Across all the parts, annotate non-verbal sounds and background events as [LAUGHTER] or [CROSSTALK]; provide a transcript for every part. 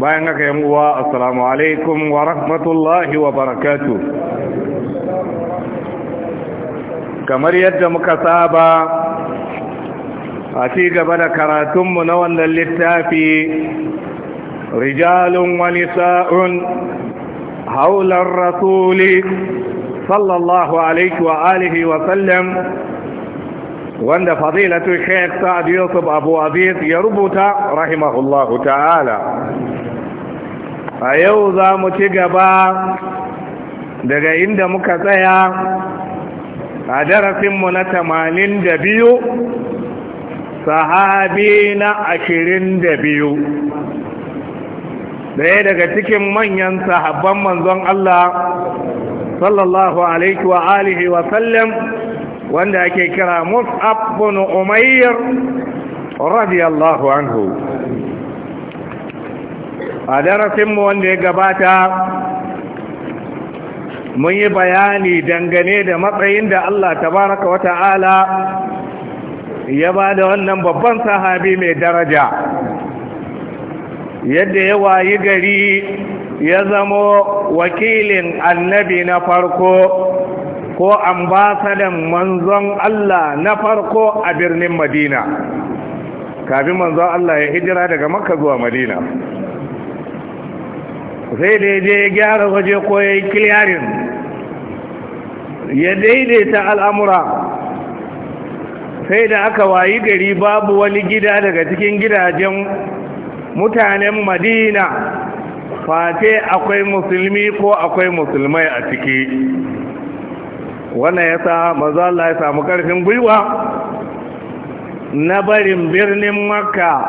bayan haka yan uwa assalamu alaikum wa rahmatullahi wa barakatu kamar yadda muka saba a ci gaba da karatunmu na wannan littafi rijalun wani sa'un haular rasuli sallallahu alaihi wa alihi wa sallam wanda fadilatu sheikh sa'ad yusuf abu aziz ya rubuta rahimahullahu ta'ala a yau za mu ci gaba daga inda muka tsaya a darasinmu na tamanin da biyu sahabi na ashirin da biyu ɗaya daga cikin manyan sahabban manzon Allah sallallahu alaihi wa alihi wa sallam wanda ake kira mus'ab umayyar radiyallahu anhu a darasinmu wanda ya gabata mun yi bayani dangane da matsayin da Allah tabaraka wa ta'ala ya ba da wannan babban sahabi mai daraja yadda ya wayi gari ya zamo wakilin annabi na farko ko ambasadan manzon Allah na farko a birnin madina kafin manzon Allah ya hijira daga makka zuwa madina sai da ya ya gyara waje ko ya yi kiliyarin ya daidaita al'amura sai da aka wayi gari babu wani gida daga cikin gidajen mutanen madina fate akwai musulmi ko akwai musulmai a ciki wannan ya sa maza Allah ya samu ƙarfin gwiwa na barin birnin makka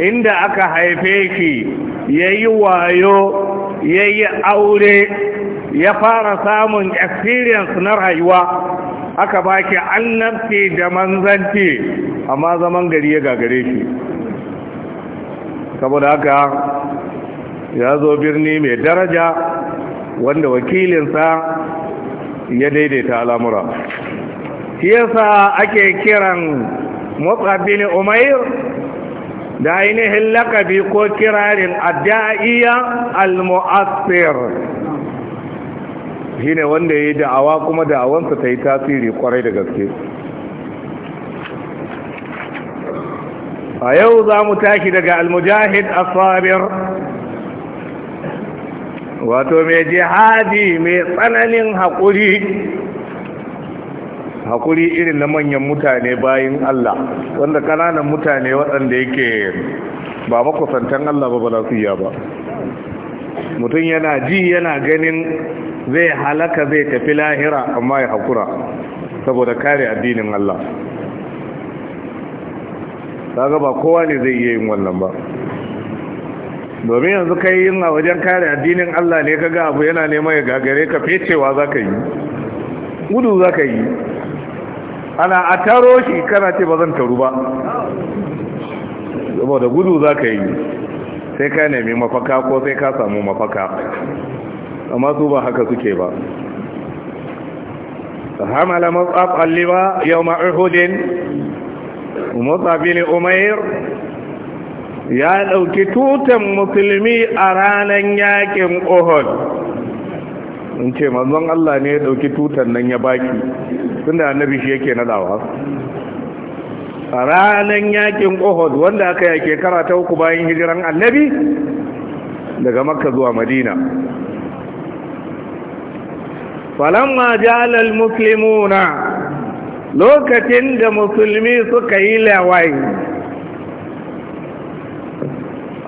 inda aka haife shi ya yi wayo ya yi aure ya fara samun experience na rayuwa aka baki annabci da manzanci amma zaman gari ya gagare shi saboda haka ya zo birni mai daraja wanda wakilinsa ya daidaita al'amura shi yasa ake kiran motsa bin umair da ainihin lakabi ko kirarin adda'iya al-mu'assir shine wanda yayi da'awa kuma da'awansa ta yi tasiri kwarai da gaske a yau za mu tashi daga al-mujahid asabir wato mai jihadi mai tsananin haƙuri hakuri irin na manyan mutane bayan Allah wanda kananan mutane waɗanda yake ba makusantan Allah ba ba za ba mutum yana ji yana ganin zai halaka zai tafi lahira amma ya hakura saboda kare addinin Allah daga ba kowa ne zai iya yin wannan ba domin yanzu kai yin a wajen kare addinin Allah ne kaga abu yana neman ya gagare ka fecewa ka yi gudu za ka yi ana a taro shi kana ce ba zan taru ba da gudu za ka yi sai ka nemi mafaka ko sai ka samu mafaka amma su ba haka suke ba hamala matsaf alliwa yau ma'ihudin matsafin umair ya ɗauki tutan musulmi a ranar yakin ohol in ce manzon Allah ne ya dauki tutar nan ya baki da annabi shi yake nadawa a ranan yakin ohod wanda aka yake karata uku bayan hijiran annabi daga Makka zuwa Madina falamma jalal al-muslimuna lokacin da musulmi suka yi lawayi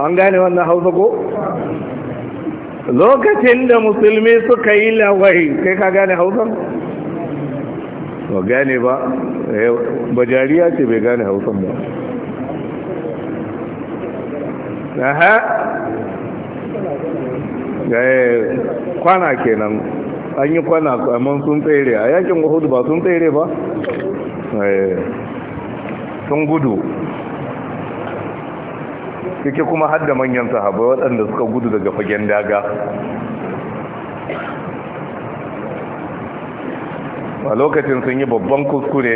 an gane wannan hausa ko lokacin da musulmi suka yi lawai kai ka gane hausar? ba gane ba eh, ba jariya ce bai gane hausar ba aha eh, kwana kenan an yi kwana amma sun tsere a yakin wahudu ba sun tsere ba eh, sun gudu suke kuma hada manyan sahabai waɗanda suka gudu daga fagen daga a lokacin sun yi babban kuskure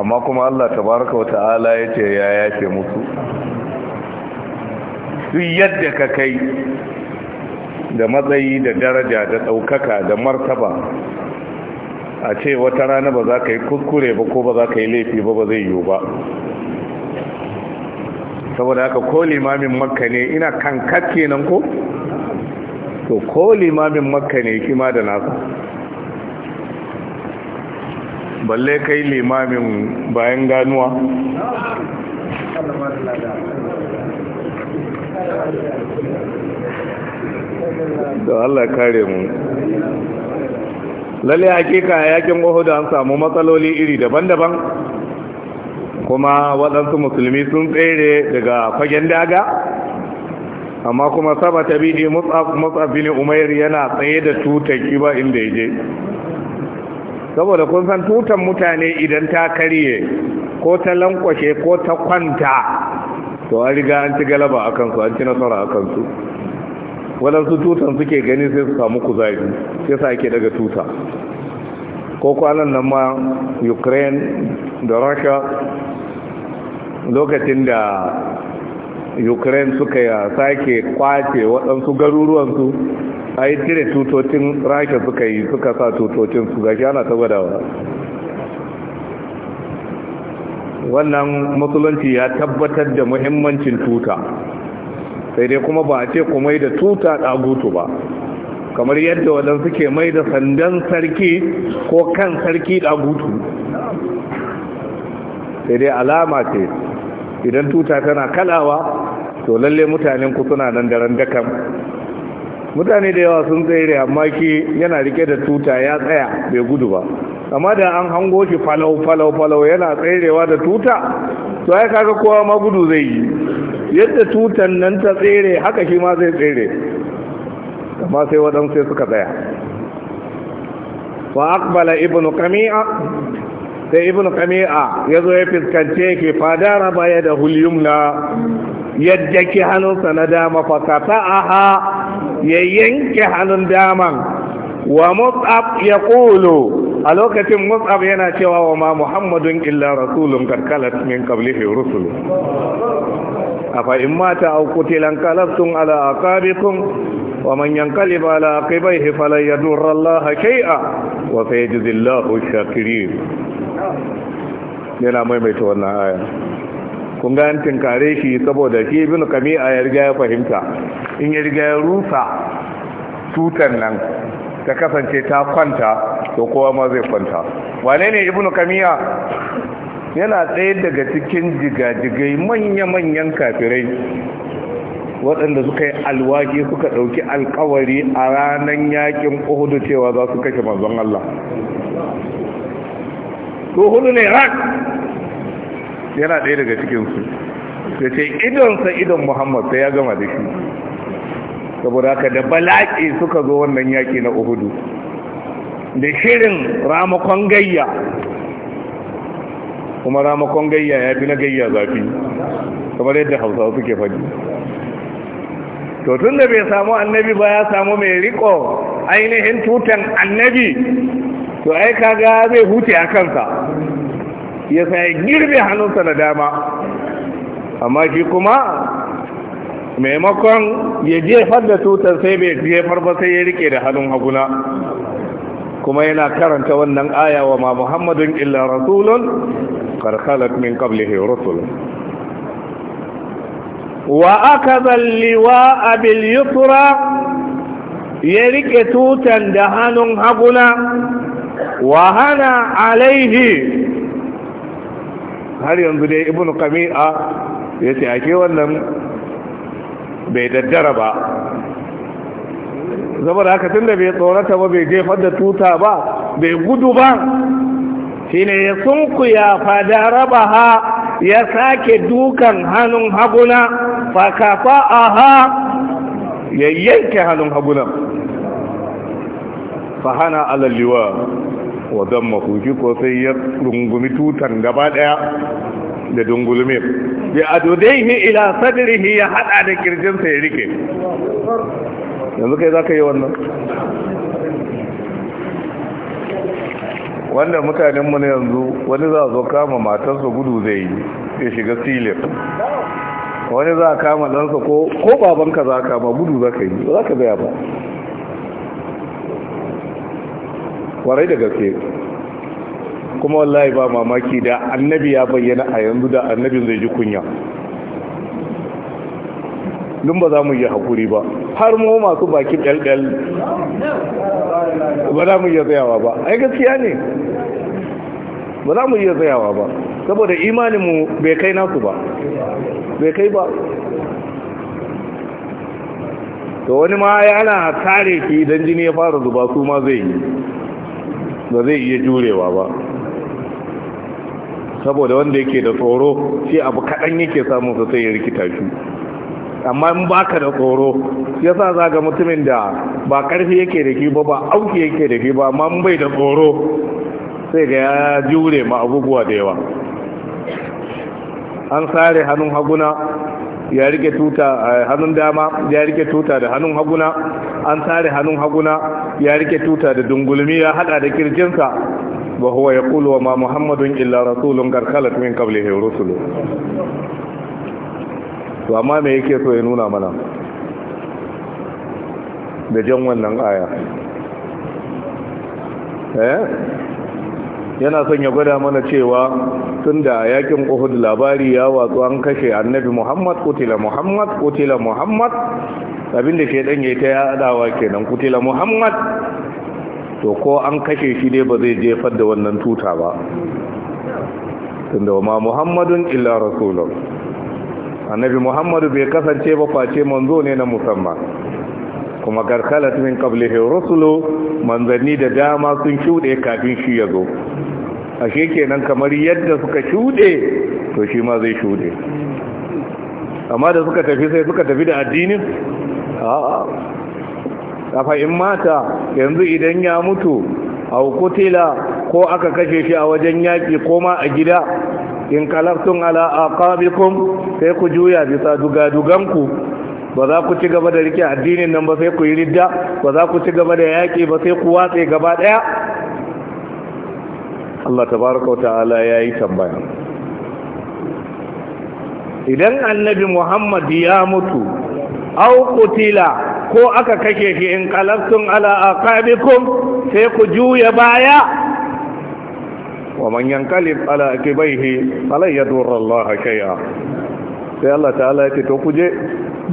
amma kuma Allah tabaraka wa ta'ala ya ce ya yace musu duk yadda ka kai da matsayi da daraja da ɗaukaka da martaba a ce wata rana ba za ka yi kuskure ba ko ba za ka yi laifi ba ba zai yiwu ba saboda haka ko limamin makka ne ina kankat kenan ko to ko limamin makka ne kima da nasa balle kai limamin bayan ganuwa da Allah kare mu lalle hakika yakin Uhud an samu matsaloli iri daban-daban kuma waɗansu musulmi sun tsere daga fagen daga amma kuma saba ta bidi matsafini Umar yana tsaye da tutar kiba inda ya je saboda kun san tutar mutane idan ta karye ko ta lankwashe ko ta kwanta to an riga an ci galaba a kansu an ci nasara a kansu waɗansu tutar suke gani sai su samu kuzari sai sa ake daga tuta ko kwanan nan ma ukraine da Rasha. lokacin da ukraine suka sake kwace waɗansu garuruwansu a yi cire tutocin rasha suka yi suka sa tutocin su gashi ana saboda wannan musulunci ya tabbatar da muhimmancin tuta sai dai kuma ba a ce ku mai da tuta ɗagutu ba kamar yadda waɗansu ke mai da sandan sarki ko kan sarki ɗagutu sai dai alama ce idan tuta tana kalawa to lalle mutanen ku suna nan daren randakan mutane da yawa sun tsere amma ki yana rike da tuta ya tsaya bai gudu ba amma da an hango shi falau falau falau yana tserewa da tuta to ai kaga kowa ma gudu zai yi yadda tutan nan ta tsere haka shi ma zai tsere amma sai waɗansu suka tsaya wa aqbala ibnu kami'a sai ibn kami'a ya zo ya fiskance ki fadara baya da hulyumna yadda ki hannunsa na dama fakata aha ya yanke hannun daman wa mus'ab ya kulu a lokacin mus'ab yana cewa wa ma muhammadun illa rasulun karkalat min qablihi rusul afa in mata aw qutilan qalabtum ala aqabikum wa man yanqalib ala aqibaihi falan yadurra allaha shay'a wa sayajzi allahu shakirin yana maimaita wannan aya kun gani tinkare shi saboda shi ibn kami ya yarga ya fahimta in ya ya rusa tutan nan ta kasance ta kwanta to kowa ma zai kwanta wane ne ibn kamiya yana ɗaya daga cikin jigajigai manya-manyan kafirai waɗanda suka yi alwaki suka ɗauki alkawari a ranar yakin uhudu cewa za su kashe manzon Allah so hudu ne rak yana ɗaya daga cikinsu da ce idonsa idon muhammad sai ya gama da shi saboda haka da balaƙi suka zo wannan yaƙi na uhudu da shirin ramakon gayya kuma ramakon gayya ya fi na gayya zafi kamar yadda hausawa suke faɗi to tun da bai samu annabi ba ya samu mai riko ainihin tutan annabi to ai kaga zai huce a kansa ya sai girbe hannunsa da dama amma shi kuma maimakon ya jefar da tutar sai bai jefar ba sai ya rike da hannun haguna kuma yana karanta wannan aya wa ma muhammadun illa rasulun karkalat min qablihi rusul wa aka zalliwa bil yusra ya rike tutan da hannun haguna wahana alaihi har yanzu dai ibn kami'a ya ce ake wannan bai daddara ba zama da haka tun da bai tsorata ba bai jefar da tuta ba bai gudu ba shi ne ya sunkuya fada raba ha ya sake dukan hannun haguna fakafa a ha ya yanke hannun haguna hana alalliwa wa zan mafuki ko sai ya rungumi tutan gaba daya da dungulmin dai adudaihi ila sadrihi ya hada da kirjinsa ya rike yanzu kai zaka yi wannan wanda mutanen mu ne yanzu wani za zo kama matarsa gudu zai yi ya shiga silin wani za kama ɗansa ko baban ka za kama gudu za yi za ka ba Kwarai da gaske kuma wallahi ba mamaki da annabi ya bayyana a yanzu da annabin zai ji kunya dun ba za mu yi haƙuri ba har mu masu baki ɗalɗal ba za mu yi tsayawa ba ai gaskiya ne ba za mu yi tsayawa ba saboda imaninmu bai kai nasu ba bai kai ba to wani ma yana tare shi idan jini ya fara zuba su ma zai yi ba zai iya jurewa ba saboda wanda yake da tsoro shi abu kaɗan yake samun su sai ya rikita shi amma in baka da tsoro ya sa za ga mutumin da ba ƙarfi yake da ba ba auki yake da ba amma in bai da tsoro sai ga ya jure ma abubuwa da yawa an sare hannun haguna ya rike tuta eh, hannun dama ya rike tuta da hannun haguna an sare hannun haguna ya rike tuta da dungulmi ya hada da kirjinsa wa huwa yaqulu wa ma muhammadun illa rasulun garkalat min qablihi rusulu to amma me yake so ya nuna mana da jan wannan aya eh? yana son ya gwada mana cewa tun da yakin uhud labari ya watsu an kashe annabi muhammad kutila muhammad kutila muhammad abin da ya yayi ta yadawa kenan kutila muhammad to ko an kashe shi ne ba zai jefar da wannan tuta ba tunda ma muhammadun illa rasulun annabi muhammadu bai kasance ba face manzo ne na musamman kuma garkalat min qablihi rusulu manzanni da dama sun shuɗe kafin shi ya zo ashe kenan kamar yadda suka shuɗe to shi ma zai shuɗe amma da suka tafi sai suka tafi da addinin a fa'in mata yanzu idan ya mutu a kutila ko aka kashe shi a wajen yaƙi ko ma a gida in kalaftun ala aqabikum sai ku juya bisa dugaduganku ba za ku ci gaba da rike addinin nan ba sai ku yi ridda ba za ku ci gaba da yaƙi ba sai ku watse gaba ɗaya Allah Ta baraka wa ta'ala yi tambaya idan annabi Muhammad ya mutu aw qutila ko aka kashe shi in qalabtum ala aqabikum sai ku juya baya wa man yanqalib ala akibaihi falan yadurra Allah shay'a sai Allah ta'ala ya ce to kuje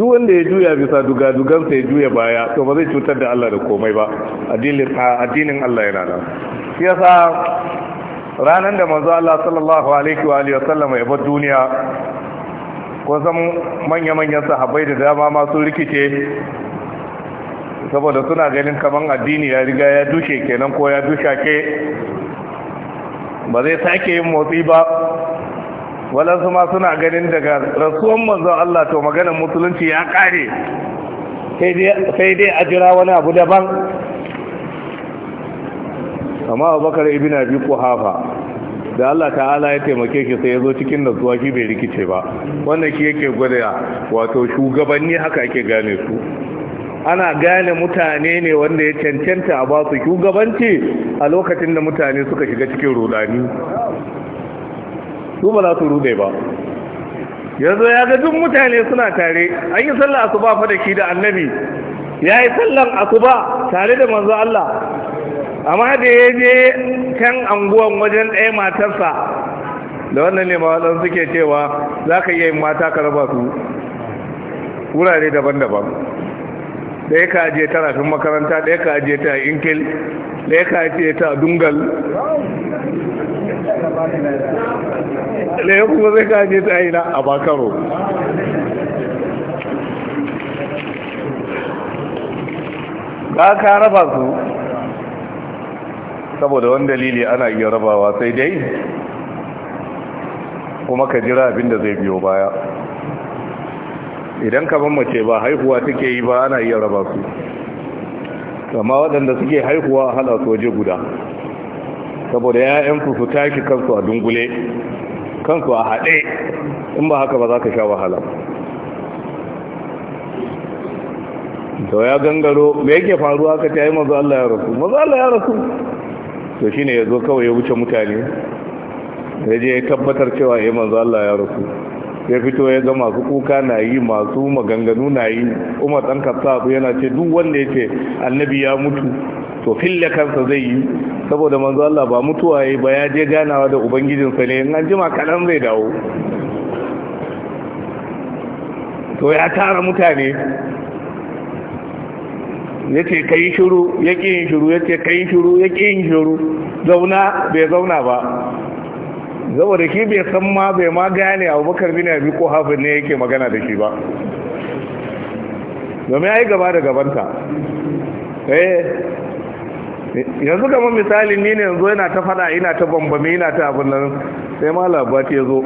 duk wanda ya juya bisa duga dugan sai juya baya to ba zai cutar da Allah da komai ba addinin Allah yana nan shi yasa ranar da manzo Allah sallallahu alaihi wa alihi wasallam ya bar duniya ko san manya-manyan sahabbai da dama masu rikice saboda suna ganin kaman addini ya riga ya dushe kenan ko ya dusha ke ba zai sake yin motsi ba walansu ma suna ganin daga rasuwan manzon Allah to maganar musulunci ya kare sai dai a jira wani abu daban amma abubakar ibina biyu ko hafa da Allah ta'ala ya taimake shi sai ya zo cikin nasuwa shi bai rikice ba wanda shi yake gwada wato shugabanni haka ake gane su ana gane mutane ne wanda ya cancanta a basu shugabanci a lokacin da mutane suka shiga cikin rudani su ba za su rude ba yanzu ya ga duk mutane suna tare an yi sallah asuba fa da shi da annabi ya yi sallan asuba tare da manzo Allah amma da ya je can anguwan wajen ɗaya matarsa da wannan ne mawaɗan suke cewa za ka iya yin mata ka raba su wurare daban-daban ɗaya ka ajiye ta rafin makaranta ɗaya ka ajiye ta inkil ɗaya ka ajiye ta dungal ɗaya kuma zai ka ajiye ta aina a bakaro ba ka raba su saboda wani dalili ana iya rabawa sai dai kuma ka jira abin da zai biyo baya idan kamar mace ba haihuwa take yi ba ana iya raba su amma waɗanda suke haihuwa a su waje guda saboda ya'yan su tashi kansu a dungule kansu a haɗe in ba haka ba za ka sha wahala da ya gangaro me yake faruwa ka ta yi mazu Allah ya rasu mazu Allah ya rasu to shi ne ya zo kawai ya wuce mutane ya je ya tabbatar cewa ya eh, manzo Allah ya rasu ya fito ya ga masu kuka na yi masu maganganu na yi umar ɗan kasafu yana ce duk wanda ya ce annabi ya mutu to fille kansa zai yi saboda manzo Allah ba mutuwa ya ba ya je ganawa da ubangijinsa ne in an jima kaɗan zai dawo to ya tara mutane ya ce ka yi shuru ya ƙi yin shuru ya ce ka yi shuru ya ƙi yin shuru zauna bai zauna ba da shi bai san ma bai ma gane bakar bin abi ko hafin ne yake magana da shi ba domin ya yi gaba da gabanta eh, yanzu kama misali ni ne yanzu yana ta fada ina ta bambame ina ta abin nan sai malam bati ya zo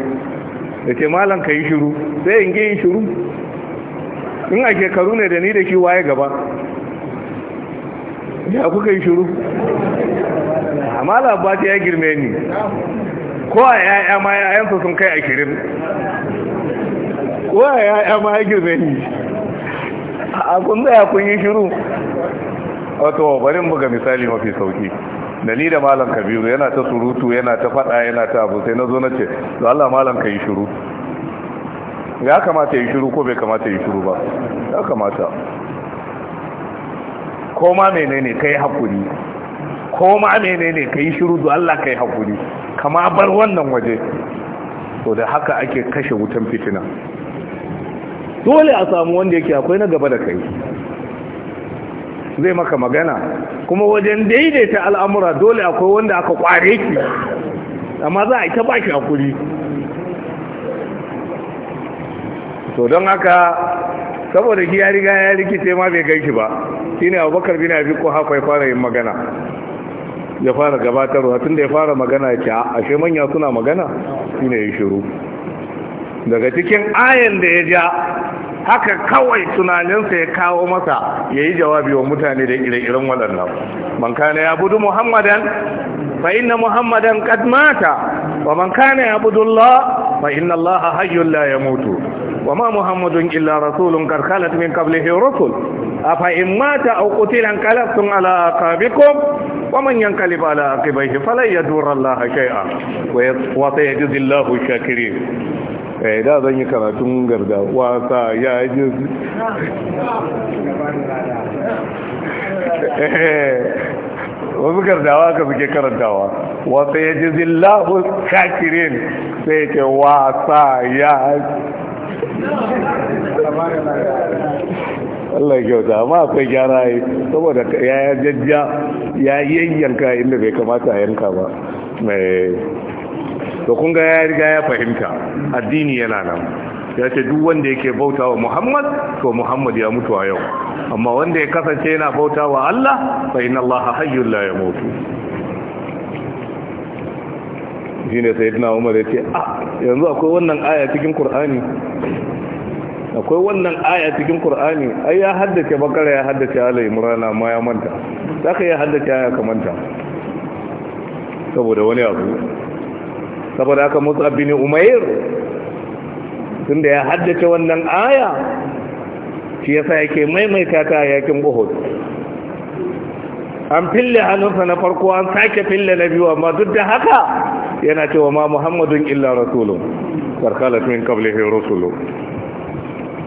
da ke malam ka yi shiru sai in yi shiru in a shekaru ne da ni da shi waye gaba ya kuka yi shiru amma labata ya girme ni ko a ya'ya ma ya'yansa sun kai a kirin? ko a ya'ya ma ya girme ni a kun tsaya kun yi shiru wato bari mu ga misali mafi sauki da ni da malam kabiru yana ta surutu yana ta fada yana ta abu sai na zo na ce da Allah malam ka yi shiru ya kamata yi shiru ko bai kamata yi shiru ba ya kamata ko ma menene kai hakuri ko ma menene kai shiru da Allah kai hakuri kama bar wannan waje to da haka ake kashe wutan fitina dole a samu wanda yake akwai na gaba da kai zai maka magana kuma wajen daidaita al'amura dole akwai wanda aka kware ki amma za a ita ba ki hakuri to don haka saboda ki ya riga ya rikice ma bai ganki ba Shi ne abubakar bin abi ko haka ya fara yin magana ya fara gabatarwa tun da ya fara magana ya ce ashe manya suna magana Shi ne ya shiru daga cikin ayan da ya ja haka kawai tunaninsa ya kawo masa ya yi jawabi wa mutane da ire-iren waɗannan man kana ya budu muhammadan fa inna muhammadan kad wa man ya budu Allah fa inna Allah hayyun la yamutu وما محمد إلا رسول قد خلت من قبله رسل أفإن مات أو قتل انقلبتم على أعقابكم ومن ينقلب على عقبيه فلن يدور الله شيئا وسيجز الله الشاكرين إيه، إذا da zan yi وسا garda wasa ya yi wasu gardawa ka suke karantawa wasa ya ji Allah kyauta amma akwai gyara yi saboda ya jajja ya yayyanka inda bai kamata a yanka ba mai eh, to kun ga ya riga ya fahimta addini yana nan ya ce duk wanda yake bauta wa muhammad to muhammad ya mutu a yau amma wanda ya kasance yana bauta wa allah fa inna Allah hayyul la shi ne sai dina umar ya ce a ah, yanzu akwai wannan aya cikin Kur'ani? akwai wannan aya cikin Kur'ani? ai ya haddace bakar ya haddace ala murana ma ya manta za ka iya haddace aya ka manta saboda wani abu saboda aka musa bin umair tun da ya haddace wannan aya shi sa yake maimaita ta yakin buhut an fille hannunsa na farko an sake fille na biyu amma duk da haka yana cewa ma muhammadun illa rasulun farkalat min qablihi rasulu.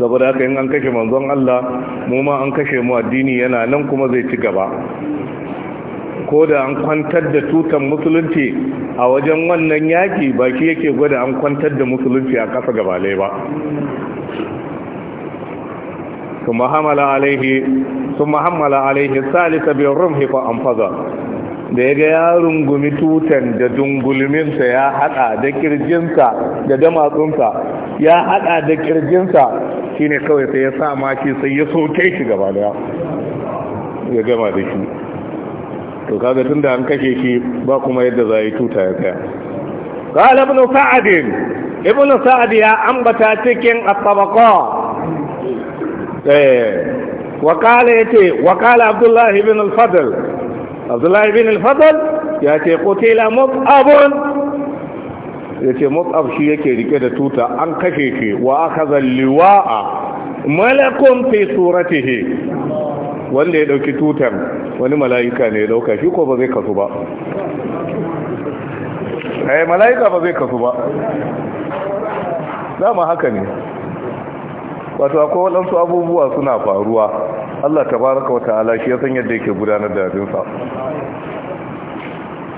saboda haka in an kashe manzon Allah mu ma an kashe mu addini yana nan kuma zai ci gaba ko da an kwantar da tutan musulunci a wajen wannan yaki baki yake gwada an kwantar da musulunci a kasa ƙasa gabalai ba su حمل عليه ثم حمل عليه الثالث an faza da ya ga ya rungumi tutan da dungulminsa ya hada da kirjinsa da damatsunsa ya hada da kirjinsa shine kawai sai ya sa maki sai ya soke shi gaba daya ya gama da shi to kaga tunda an kashe shi ba kuma yadda za yi tuta ya tsaya قال ابن ya ambata cikin يا eh wa الطبقات yace wa وقال عبد ibn al-fadl abdullahi bin al-fadl ya ce qutila mut'abun ya ce mut'ab shi yake rike da tuta an kashe shi wa akhadha liwa'a Malakon fi suratihi wanda ya dauki tutar wani mala'ika ne ya dauka shi ko ba zai kasu ba eh mala'ika ba zai kasu ba dama haka ne wato akwai waɗansu abubuwa suna faruwa Allah tabaraka wa ta'ala shi ya san yadda yake gudanar da abinsa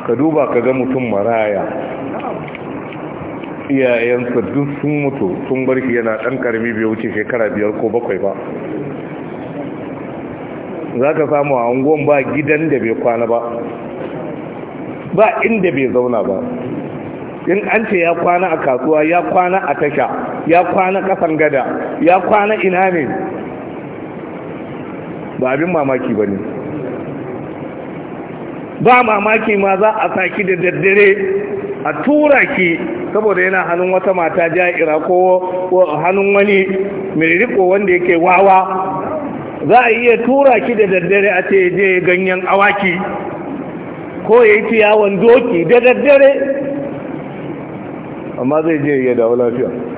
ka duba ka ga mutum maraya iyayensa duk sun mutu sun bar shi yana ɗan karami bai wuce shekara biyar ko bakwai ba za ka samu a unguwan ba gidan da bai kwana ba ba inda bai zauna ba in an ce ya kwana a kasuwa ya kwana a tasha ya kwana kasan gada ya kwana ina ne ba abin mamaki ba ne ba mamaki ma za a saki da daddare a tura ki saboda yana hannun wata mata ja'ira ko hannun wani mai riko wanda yake wawa za a iya tura ki da daddare a ce ganyen awaki ko ya yi ciyawan doki da daddare amma zai je ya dawo lafiya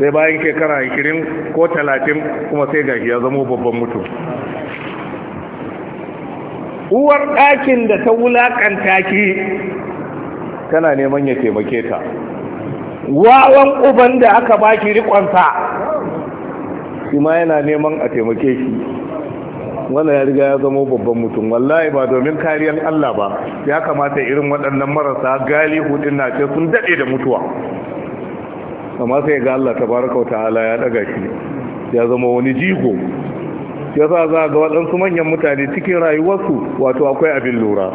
sai bayan shekara 20 ko 30 kuma sai gashi ya zama babban mutum uwar ɗakin da ta wulaƙanta ki tana neman ya taimake ta wawan uban da aka baki rikonsa shi ma yana neman a taimake shi wannan ya riga ya zama babban mutum wallahi ba domin kariyar Allah ba ya kamata irin waɗannan marasa galihu din na ce sun daɗe da mutuwa amma sai ga Allah tabaraka wa ta'ala ya daga shi ya zama wani jigo ya za za ga waɗansu manyan mutane cikin rayuwarsu wato akwai abin lura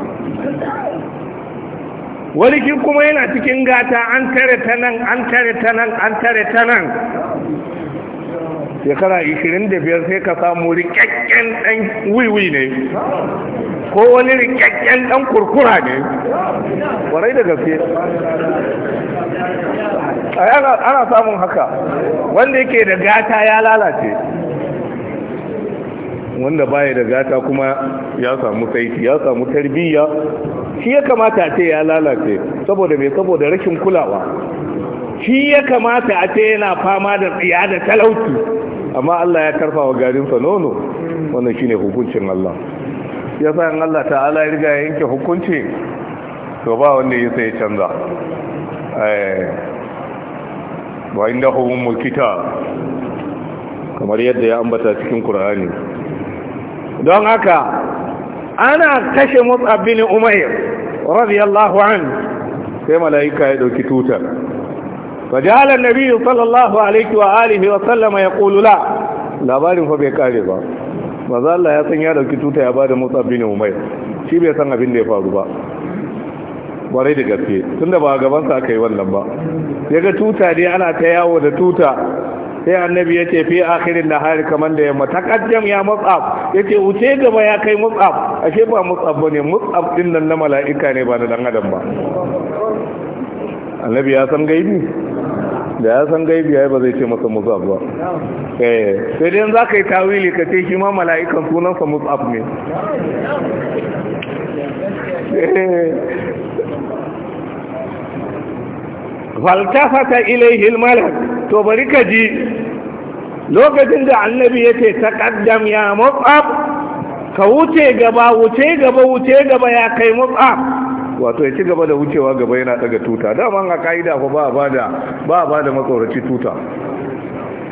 wani kin kuma yana cikin gata an tare ta nan an tare ta nan an tare ta nan shekara 25 sai ka samu rikakken ɗan wiwi ne ko wani rikakken dan kurkura ne warai da gaske ana samun haka wanda yake da gata ya lalace wanda baya da gata kuma ya samu saiti ya samu tarbiyya shi ya kamata a ce ya lalace saboda mai saboda rashin kulawa shi ya kamata a ce yana fama da tsaya da talauci amma Allah ya karfa wa garinsa nono wannan shine hukuncin Allah ya sa in Allah ta'ala ya riga yanke hukunci to ba wanda ya sai canza ba eh, inda hukun mulkita kamar yadda ya ambata cikin kurani don haka ana kashe motsa bin Umair radiyallahu an sai mala'ika ya ɗauki tutar fajalar nabi sallallahu alaihi wa alihi wa sallama ya kulula labarin fa bai kare ba maza Allah ya san ya dauki tuta ya bada Musa bin Umair shi bai san abin da ya faru ba kwarai da gaske tunda ba gaban sa aka yi wannan ba yaga tuta dai ana ta yawo da tuta sai annabi ya ce fi akhirin hari kaman da yamma takaddam ya mus'ab yace wuce gaba ya kai mus'ab ashe ba ba bane mus'ab din nan na mala'ika ne ba na dan adam ba annabi ya san gaibi da ya san gaibi ya ba zai ce masa musab ba eh, sai dai za ka yi tawili ka ce shi ma mala'ikan sunansa musab ne eh. faltafata ilaihi malak to bari ka ji lokacin da annabi ya ce taqaddam ya musab ka wuce gaba wuce gaba wuce gaba ya kai musab wato ya ci gaba da wucewa gaba yana daga tuta dama a ka'ida ko ba ba da ba ba da matsoraci tuta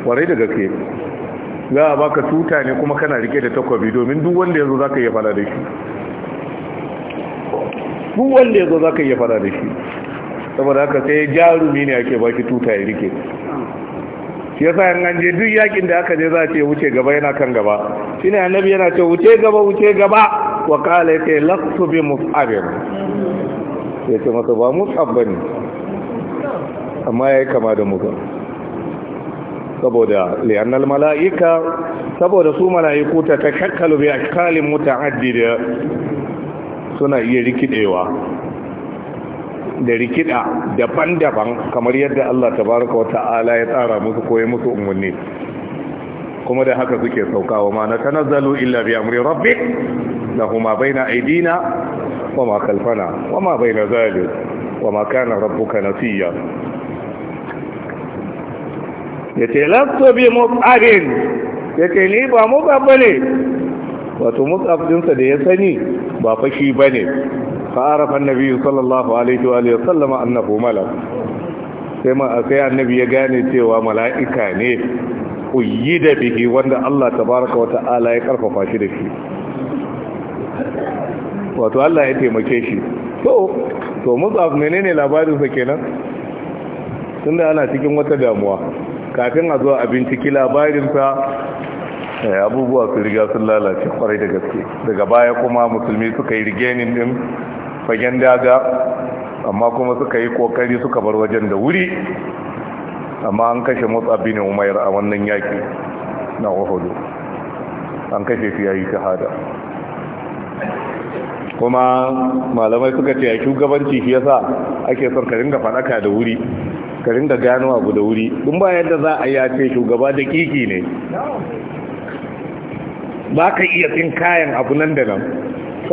warai da gaske za a baka tuta ne kuma kana rike da takwabi domin duk wanda yazo zaka iya fada da shi duk wanda yazo zaka iya fada da shi saboda haka sai jarumi ne ake baki tuta ya rike shi yasa yan an je duk yakin da aka je za a ce wuce gaba yana kan gaba shine annabi yana ce wuce gaba wuce gaba wa qala yake lastu bi mus'abin sai ce masa ba mus'ab bane amma yayi kama da muka saboda li'annal mala'ika saboda su mala'iku ta a bi ashkalin muta'addida suna iya rikidewa da rikida daban-daban kamar yadda Allah tabaraka wa ta'ala ya tsara musu koyi musu umarni kuma da haka suke saukawa ma na tanazzalu illa bi amri rabbik lahu ma baina aydina wa ma khalfana wa ma baina zalik wa ma kana rabbuka nasiya yace lastu bi mu'adin yace ni ba mu ba ne wato mus'ab sa da ya sani ba fashi bane fa'arafa annabi sallallahu alaihi wa sallama annahu malak sai ma sai annabi ya gane cewa mala'ika ne da bihi wanda Allah tabaraka wa ta'ala ya karfafa shi da shi wato Allah ya taimake shi to to musaf menene labarin sa kenan tunda ana cikin wata damuwa kafin a zo a binciki labarin sa abubuwa su riga sun lalace kwarai da gaske daga baya kuma musulmi suka yi rigenin din fagen daga amma kuma suka yi kokari suka bar wajen da wuri amma an kashe motsa bin umair a wannan yaki na wahudu an kashe su yayi shahada kuma malamai suka ce a shugabanci shi yasa ake son ka ringa fadaka da wuri ka da gano abu da wuri dun ba yadda za a ya ce shugaba da kiki ne ba ka iya tsin kayan abu nan da nan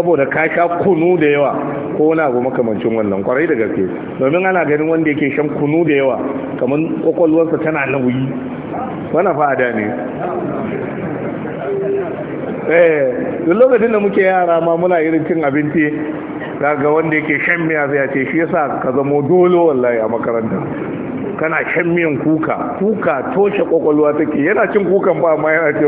saboda ka sha kunu da yawa ko wani abu makamancin wannan kwarai da gaske domin ana ganin wanda yake shan kunu da yawa kamar kwakwalwarsa tana nauyi wana fa'ada ne eh duk lokacin da muke yara ma muna irin cin abinci daga wanda yake shan miya zai ce shi yasa ka zamo dole wallahi a makaranta kana shan miyan kuka kuka toshe kwakwalwa take yana cin kukan ba amma yana ce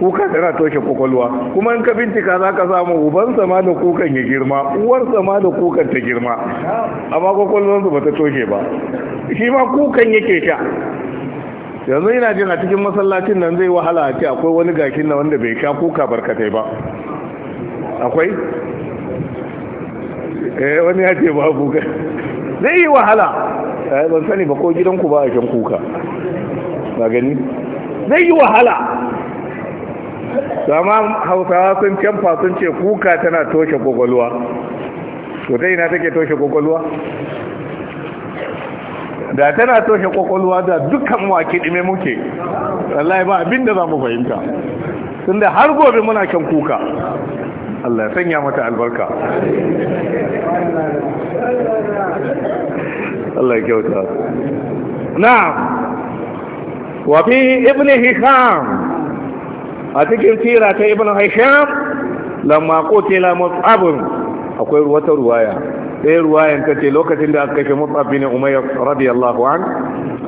kuka tana toshe kwakwalwa kuma in ka bincika za ka samu uban sama da kukan ya girma uwar sama da kukan ta girma amma kwakwalwarsa ba ta toshe ba shi ma kukan yake sha yanzu ina jin a cikin masallacin nan zai wahala a ce akwai wani gashin na wanda bai sha kuka barkatai ba akwai eh wani ya ce ba kuka zai yi wahala eh ban sani ba ko gidanku ba a shan kuka ba gani zai yi wahala amma hausawa sun canfa sun ce kuka tana toshe kwakwalwa to ta ina take toshe kwakwalwa da tana toshe kwakwalwa da dukkan waki dime muke wallahi ba abin da za mu fahimta tun da har gobe muna kyan kuka Allah ya sanya mata albarka Allah ya kyauta na wafi ibn hisham a cikin sira ta ibn hisham lamma qutila mus'ab akwai wata ruwaya sai ruwayan ce lokacin da aka kashe mus'ab bin umayr radiyallahu an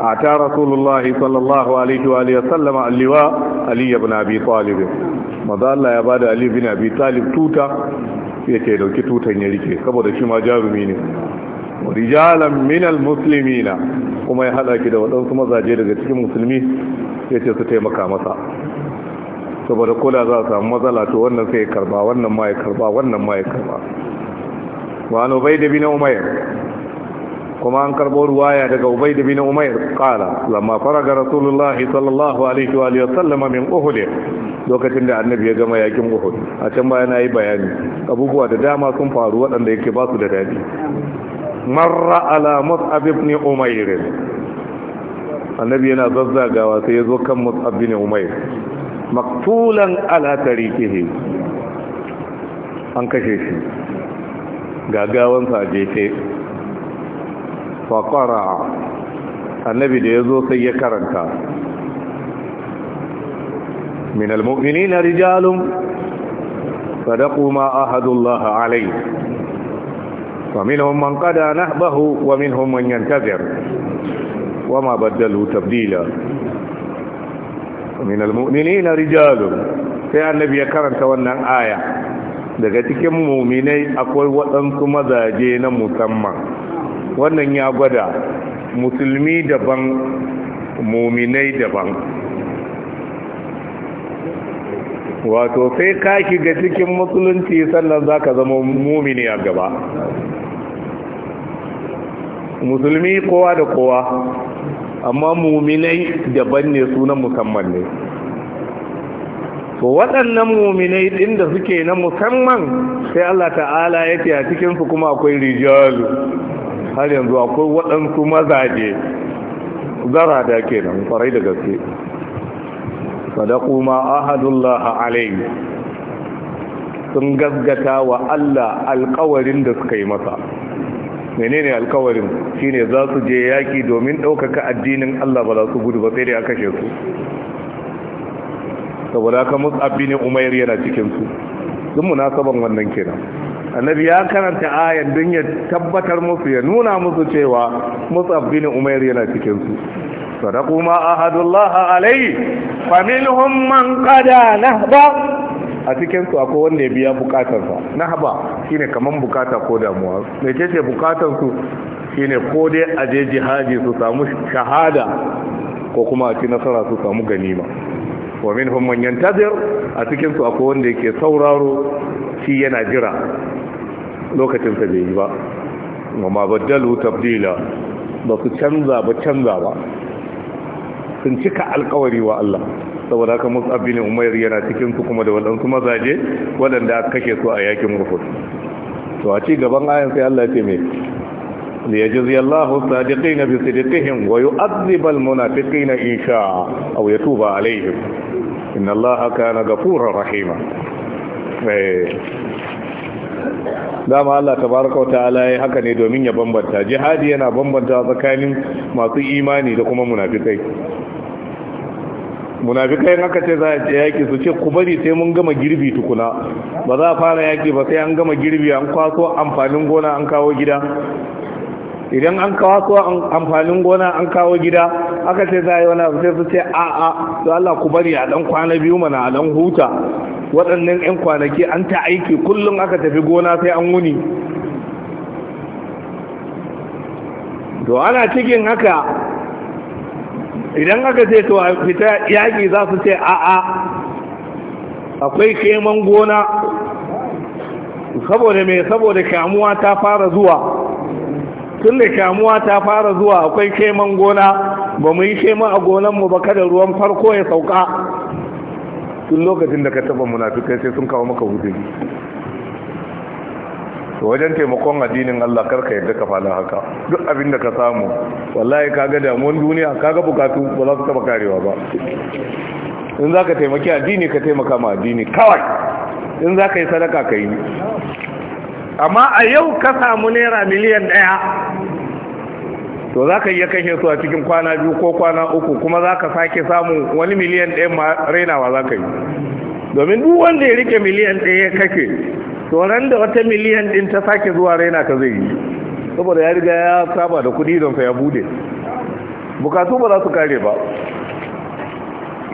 ata rasulullahi sallallahu alaihi wa alihi sallama alliwa ali ibn abi talib maza Allah ya bada ali ibn abi talib tuta yake dauki tutan ya rike saboda shi ma jarumi ne rijalan minal muslimina kuma ya hada ki da waɗansu mazaje daga cikin musulmi ya ce su taimaka masa saboda kula za a samu matsala to wannan sai ya karba wannan ma ya karba wannan ma ya karba wa an da bin umayr kuma an karbo ruwaya daga da bin umayr qala lamma faraga rasulullah sallallahu alaihi wa alihi sallama min uhud lokacin da annabi ya gama yakin uhud a can baya na yi bayani abubuwa da dama sun faru waɗanda yake ba su da dadi marra ala mus'ab ibn umayr annabi yana zazzagawa sai ya zo kan mus'ab ibn umayr maktulan ala tariqihi an kashe shi gagawan sa jefe fa qara annabi da yazo sai ya karanta min almu'minina rijalun sadaqu ma ahadullah alayhi ومنهم من قدى نهبه ومنهم من ينتظر وما بدلوا تبديلا من المؤمنين رجال sai annabi ya karanta wannan aya daga cikin muminai akwai waɗansu mazaje na musamman wannan ya gwada musulmi daban muminai daban wato sai ka ga cikin musulunci sannan za ka zama mumini a gaba musulmi kowa da kowa amma muminai daban ne sunan musamman ne to waɗannan muminai ɗin da suke na musamman sai Allah ta'ala ya ce a cikinsu kuma akwai rijalu har yanzu akwai waɗansu mazaje zara da ke nan farai da gaske sadaku ma ahadullah alai sun gaggata wa Allah alƙawarin da suka yi masa menene alkawarin shine za su je yaki domin ɗaukaka addinin Allah ba za su gudu ba sai dai aka shesu su saboda ka mus'ab bin umair yana cikin su duk munasaban wannan kenan annabi ya karanta ayan don ya tabbatar musu ya nuna musu cewa mus'ab bin umair yana cikin su sadaqu ahadullah alai faminhum man qada nahba a cikin su akwai wanda ya biya bukatarsa na haba shine kamar bukata ko damuwa mecece ce ce bukatar su shine ko dai a je jihadi su samu shahada ko kuma a ci nasara su samu ganima wa minhum yantazir a cikin su akwai wanda yake sauraro shi yana jira lokacin sa bai yi ba amma baddalu tabdila ba su canza ba canza ba sun cika alkawari wa Allah saboda haka Mus'ab bin Umair yana cikin su kuma da waɗansu mazaje waɗanda aka kashe su a yakin Uhud to a ci gaban ayan sai Allah ya ce me li yajzi Allahu sadiqina bi sidqihim wa yu'adhib al-munafiqina in sha'a aw yatuba alaihim inna Allaha kana ghafurur rahima eh. dama Allah tabaraka wa ta'ala ya haka ne domin ya bambanta jihadi yana bambanta tsakanin masu imani da kuma munafikai munafikai kayan aka ce za a ce yaki su ce ku bari sai mun gama girbi tukuna ba za a fara yaki ba sai an gama girbi an kwaso amfanin gona an kawo gida idan an kawo amfanin gona an kawo gida aka ce za a yi wani abu sai su ce a a su Allah ku bari a ɗan kwana biyu mana a dan huta waɗannan 'yan kwanaki an ta aiki kullum aka tafi gona sai an wuni to ana cikin haka idan aka ce to a fita yaƙi za su ce a'a akwai keman gona saboda mai saboda kamuwa ta fara zuwa tun da kamuwa ta fara zuwa akwai keman gona ba mu yi kema a gonanmu ba kada ruwan farko ya sauka tun lokacin da ka taba munafikai sai sun kawo maka hudu to wajen taimakon addinin Allah kar ka yadda ka fada haka duk abin da ka samu wallahi kaga damuwan duniya kaga bukatu ba za su taba karewa ba in za ka taimaki addini ka taimaka ma addini kawai in za ka yi sadaka ka yi amma a yau ka samu naira miliyan ɗaya to za ka iya kashe su a cikin kwana biyu ko kwana uku kuma za ka sake samu wani miliyan ɗaya ma rainawa za ka yi domin duk wanda ya rike miliyan ɗaya kake. to da wata miliyan ɗin ta sake zuwa raina ka zai yi saboda ya riga ya saba da kudi don sa ya bude bukatu ba za su kare ba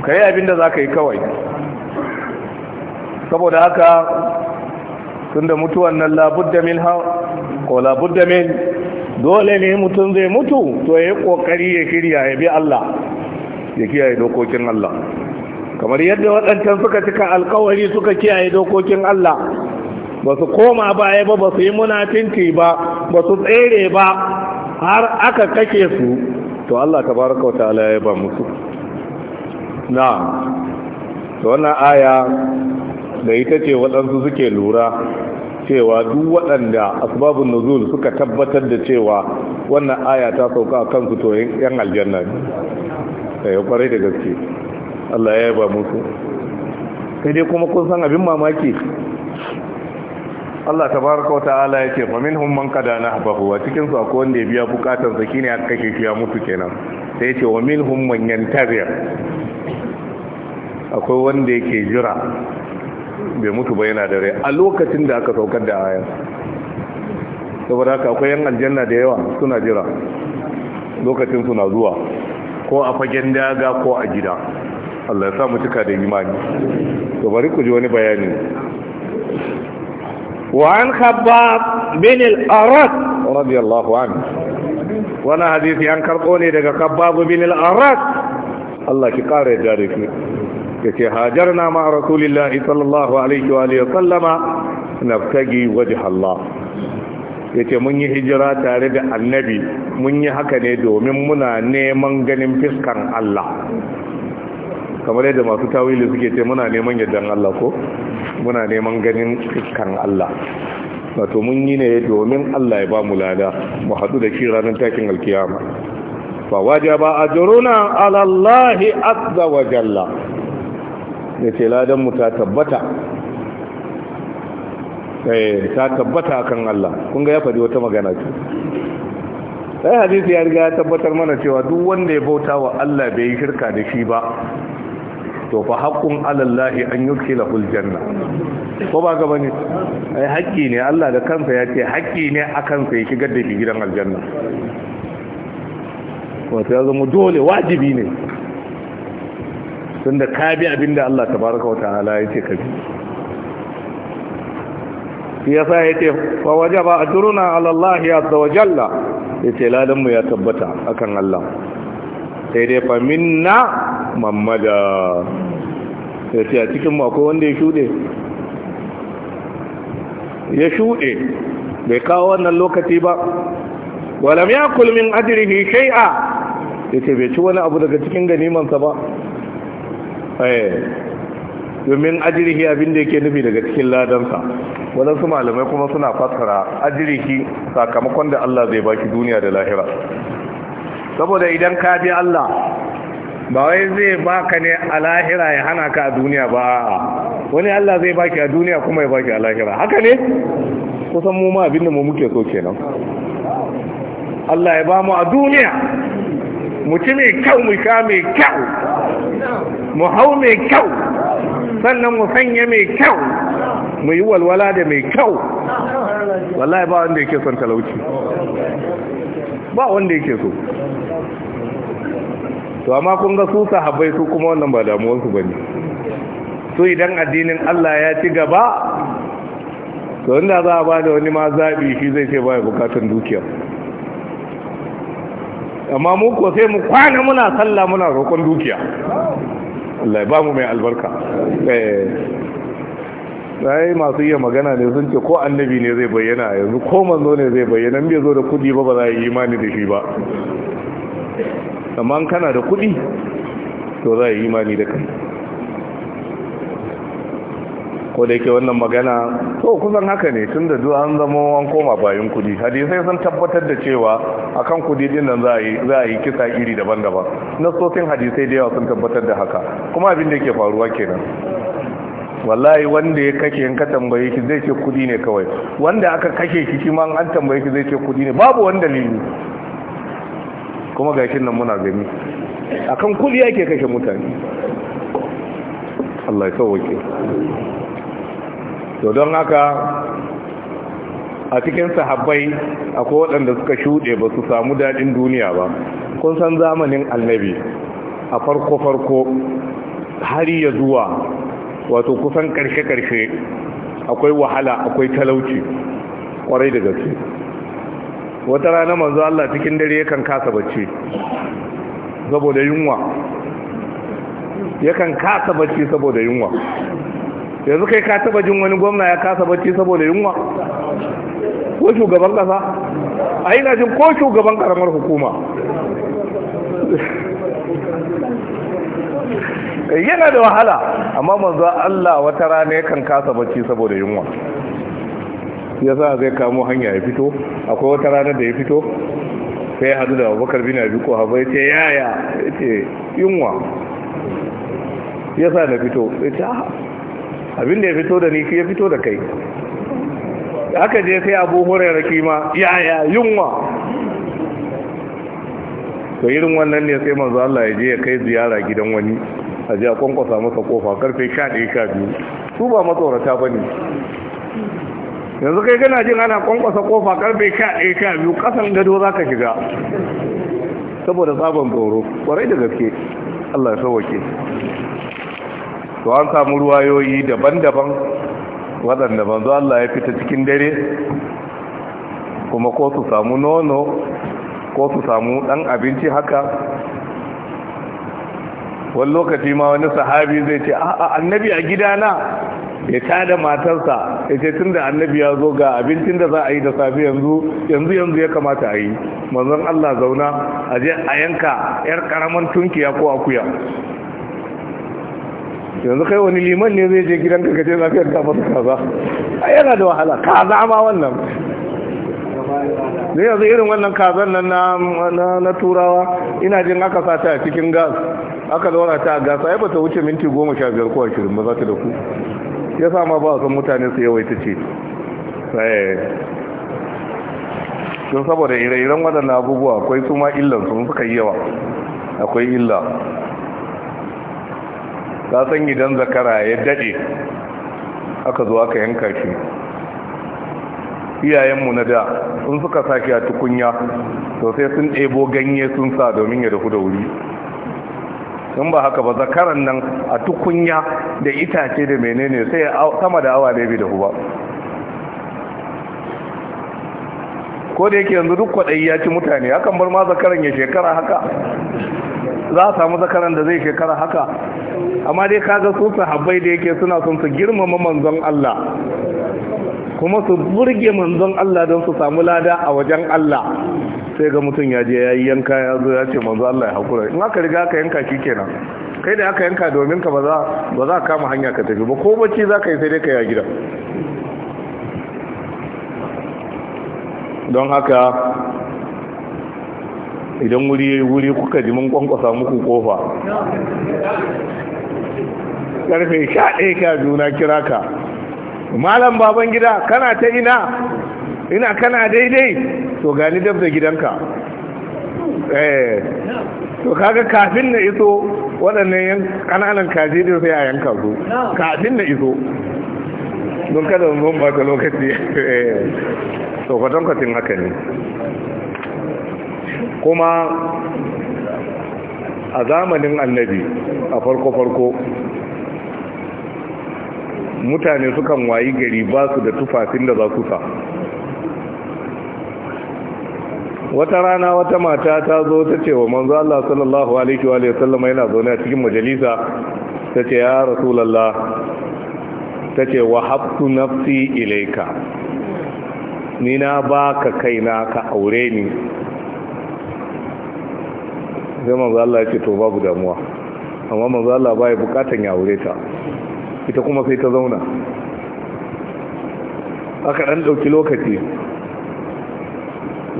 ka yi abin da za ka yi kawai saboda haka tun da mutuwan nan labudda min ha ko labudda min dole ne mutum zai mutu to ya yi kokari ya shirya ya bi Allah ya kiyaye dokokin Allah kamar yadda waɗancan suka cika alkawari suka kiyaye dokokin Allah ba su koma baya ba ba su yi munafinci ba ba su tsere ba har aka kake su to Allah baraka wa ta'ala ya ba musu na to wannan aya da ita ce waɗansu suke lura cewa duk waɗanda asbabun nuzul suka tabbatar da cewa wannan aya ta sauka kansu to yan aljanna ne ya eh, kwarai da gaske Allah ya ba musu sai dai kuma kun san abin mamaki Allah tabaraka wa ta'ala yake fa minhum man qada nahbahu wa cikin su akwai wanda ya biya bukatar sa kine aka kake shi ya mutu kenan sai yace wa minhum man yantazir akwai wanda yake jira bai mutu ba yana da rai a lokacin da aka saukar da ayar saboda haka akwai yan aljanna da yawa suna jira lokacin suna zuwa ko a fagen daga ko a gida Allah ya sa mu cika da imani to bari ku ji wani bayani وعن خباب بن الأرد رضي الله عنه وانا حديثي عن كرقوني دقى خباب بن الأرد الله كقاري دارك يكي هاجرنا مع رسول الله صلى الله عليه وآله وسلم نبتغي وجه الله yace mun yi hijira tare da annabi mun yi haka ne domin muna neman ganin fiskan Allah kamar yadda masu tawili suke ce muna neman yaddan Allah ko muna neman ganin kan Allah wato mun yi ne domin Allah ya ba mu lada mu haɗu da shi ranar takin alkiyama fa wajaba ajruna ala Allah azza wa jalla ce ladan mu ta tabbata eh ta tabbata kan Allah kun ga ya faɗi wata magana ce sai hadisi ya riga ya tabbatar mana cewa duk wanda ya bauta wa Allah bai shirka da shi ba to fa haqqun ala Allah an yudkhilahu aljanna ko ba gaba ne ai haƙƙi ne Allah da kansa ya ce haƙƙi ne a kansa ya shigar da gidan aljanna wato ya zama dole wajibi ne tunda ka bi abinda Allah tabaraka wa ta'ala ya ce ka bi shi yasa ya ce fa wajaba ajruna ala Allah azza wa jalla ya ce ladan mu ya tabbata akan Allah sai dai fa minna mamada ya ce a cikin mako wanda ya shuɗe ya shuɗe bai kawo wannan lokaci ba walam ya kulmin ajirihi shai'a ya ce bai ci wani abu daga cikin ganimansa ba eh. domin ajirihi abin da yake nufi daga cikin ladansa waɗansu malamai kuma suna fassara ajirihi sakamakon da Allah zai baki duniya da lahira saboda idan ka bi Allah ba wai zai baka ne a lahira ya hana ka a duniya ba wani Allah zai baki a duniya kuma ya baki a lahira haka ne kusan mu ma abinda mu muke so kenan Allah ya ba mu a duniya mutum mai kyau mu sha mai kyau mu hau mai kyau sannan mu sanya mai kyau mu yi walwala da mai kyau wallahi ba wanda yake son talauci ba wanda yake so to amma kun ga su sahabbai su kuma wannan ba damuwarsu bane su idan addinin Allah ya ci gaba to inda za a ba da wani ma zaɓi shi zai ce ba ya bukatun dukiya amma mu ko sai mu kwana muna sallah muna roƙon dukiya Allah ba mu mai albarka eh. sai masu iya magana ne sun ce ko annabi ne zai bayyana yanzu ko manzo ne zai bayyana bai zo da kudi ba ba za a yi imani da shi ba amma kana da kudi to za a yi imani da kai ko da yake wannan magana to kusan haka ne tun duk an zama an koma bayan kudi hadisai sun tabbatar da cewa akan kudi din nan za a yi za a yi kisa iri daban-daban nasosin hadisai da yawa sun tabbatar da haka kuma abin da yake faruwa kenan wallahi wanda ya kashe in ka tambaye shi zai ce kudi ne kawai wanda aka kashe shi shi ma an tambaye shi zai ce kudi ne babu wani dalili kuma shi nan muna gani akan kudi ake kashe mutane Allah ya sauke to don haka a cikin sahabbai akwai waɗanda suka shuɗe ba su samu daɗin duniya ba kun san zamanin annabi a farko-farko har ya zuwa wato kusan karshe-karshe akwai wahala akwai talauci kwarai da gaske wata rana manzo Allah cikin dare yakan kasa bacci saboda yunwa yakan kasa bacci saboda yunwa yanzu kai ka taba jin wani gwamna ya kasa bacci saboda yunwa ko shugaban kasa a yi jin ko shugaban karamar hukuma Eh, yana da wahala amma manzo Allah wata rana yakan kasa bacci saboda yunwa ya sa zai kamo hanya ya fito akwai wata rana da ya fito sai ya hadu da abubakar bin abi ko haba ce yaya yace yunwa ya sa na fito ya ce ah, abin da ya fito da ni ya fito da kai aka je sai abu hurairar kima yaya yunwa to irin wannan ne sai manzo Allah ya je ya kai ziyara gidan wani a ji a kwankwasa masa kofa karfe sha ɗaya sha biyu su ba matsorata ba ne yanzu kai gana jin ana kwankwasa kofa karfe sha ɗaya sha biyu ƙasan gado za ka shiga saboda tsaban tsoro kwarai da gaske allah ya sauwake to an samu ruwayoyi daban-daban waɗanda banzu allah ya fita cikin dare kuma ko su samu nono ko su samu ɗan abinci haka wani lokaci ma wani sahabi zai ce annabi a gida na ya tada matarsa ya ce tun da annabi ya zo ga abincin da za a yi da safe yanzu yanzu yanzu ya kamata a yi manzon Allah zauna a je a yanka yar karaman tunkiya ko akuya yanzu kai wani liman ne zai je gidan ka kace za kaza A yana da wahala kaza ma wannan da yanzu irin wannan kazan nan na turawa ina jin aka sata a cikin gas aka zaura ta a gasa ya bata wuce minti goma sha biyar ko ashirin ba za ta da ku ya sa ma ba san mutane su yawaita ce eh. Sun saboda ire-iren waɗannan abubuwa akwai su ma sun suka yi yawa akwai illa ta san gidan zakara ya daɗe aka zo aka yanka shi iyayenmu na da sun suka sake a tukunya to sai sun ɗebo ganye sun sa domin ya dafu da wuri in ba haka ba zakaran nan a tukunya da itace da menene sai sama da awa ɗaya bai dafu ba ko da yake yanzu duk kwaɗayi ya ci mutane akan bar ma zakaran ya shekara haka za a samu zakaran da zai shekara haka amma dai kaga su sahabbai da yake suna son su girmama manzon Allah kuma su burge manzon Allah don su samu lada a wajen Allah sai ga mutum ya je ya yi yanka ya zo ya ce manzo Allah ya haƙura. in aka riga aka yanka shi kenan kai da aka yanka domin ka ba za a kama hanya ka tafi ba ko bacci za ka yi sai dai ka yi a gida don haka idan wuri wuri kuka ji mun kwankwasa muku kofa karfe sha ɗaya ka juna kira ka malam baban gida kana ta ina ina kana daidai to gani dab da gidanka eh to kaga kafin na iso waɗannan yan kananan kaje da sai a yanka su kafin na iso don kada mun ba ta lokaci eh. to fatan ka tin haka ne kuma a zamanin annabi a farko farko mutane sukan wayi gari ba su da tufafin da za su sa wata rana wata mata ta zo ta ce wa manzo Allah sallallahu alaihi wa sallam yana zaune a cikin majalisa ta ce ya rasulallah ta ce wa habtu nafsi ilaika ni na baka kaina ka aure ni sai manzo Allah ya ce to babu damuwa amma manzo Allah bai bukatan ya aure ta ita kuma sai ta zauna aka ɗan ɗauki lokaci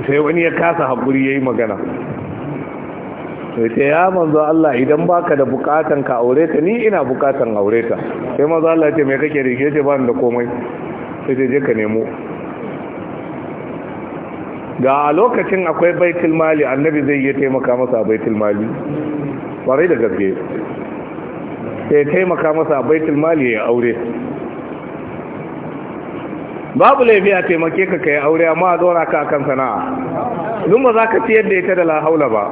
sai wani ya kasa haƙuri ya yi magana sai ya manzo Allah idan baka da bukatan ka aure ta ni ina bukatan aure ta sai manzo Allah ce me kake rige ce ba da komai sai ta je ka nemo ga a lokacin akwai baitul mali annabi zai yi taimaka masa baitul mali kwarai da gaske ya taimaka masa baitul mali ya aure babu laifi a taimake ka kai aure amma a zora ka akan sana'a dun ba za ka ciyar da ita da lahaula ba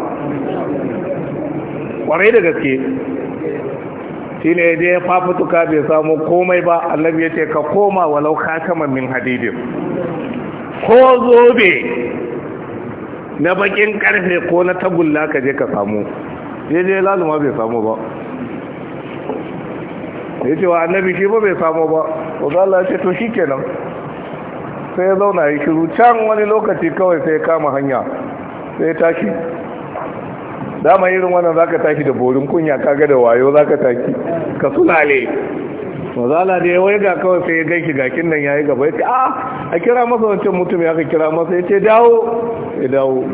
kwarai da gaske shi ne je ya fafutuka bai samu komai ba annabi ya ce ka koma walau ka kama min hadidin ko zobe na bakin karfe ko na tagulla ka je ka samu je laluma bai samu ba ya ce wa annabi shi ba bai samu ba wanzu Allah ce to shi kenan sai ya zauna ya shiru can wani lokaci kawai sai ya kama hanya sai ya tashi dama irin wannan za ka tashi da borin kunya kaga da wayo za ka tashi ka sulale mazala da ya waiga kawai sai ya gan shi gakin nan ya yi gaba ya ce a ah, a kira masa wancan mutum ya ka kira masa ya ce dawo ya dawo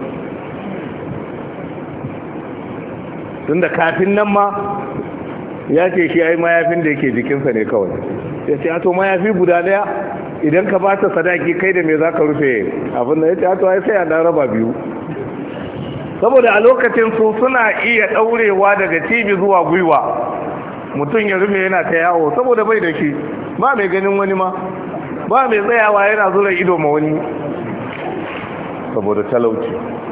tun da kafin nan ma ya ce shi ai mayafin da yake jikinsa ne kawai ya ce ato mayafi guda daya idan ka bata sadaki kai da me za ka rufe abin da ya ce ato ai sai a raba biyu saboda a lokacin su suna iya daurewa daga cibi zuwa gwiwa mutum ya rufe yana ta yawo saboda bai da shi ba mai ganin wani ma ba mai tsayawa yana zura ido ma wani saboda talauci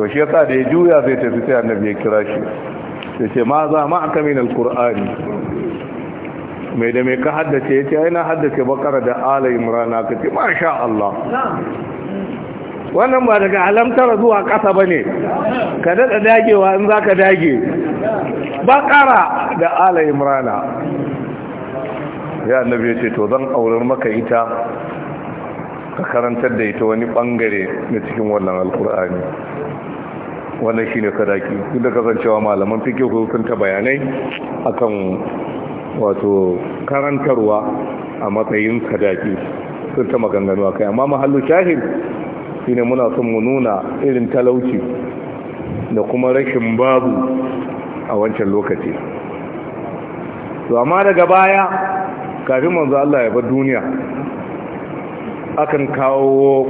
to shi yasa da ya juya zai tafi sai annabi ya kira shi ya ce ma za ma aka min alkur'ani mai da mai ka haddace ya ce ai haddace bakara da ala imrana ka ce masha Allah wannan ba daga alamtara zuwa kasa ba ne ka daɗa dagewa in za ka dage bakara da ala imrana ya annabi ya ce to zan aurar maka ita ka karantar da ita wani bangare na cikin wannan alkur'ani wannan shi ne sadaki duk kasancewa malaman fikihu sun ta bayanai akan wato karantarwa a matsayin sadaki sun ta maganganu kai. amma mahallu shi ne muna son mu nuna irin talauci da kuma rashin babu a wancan lokaci to amma daga baya kafin manzo Allah ya bar duniya akan kawo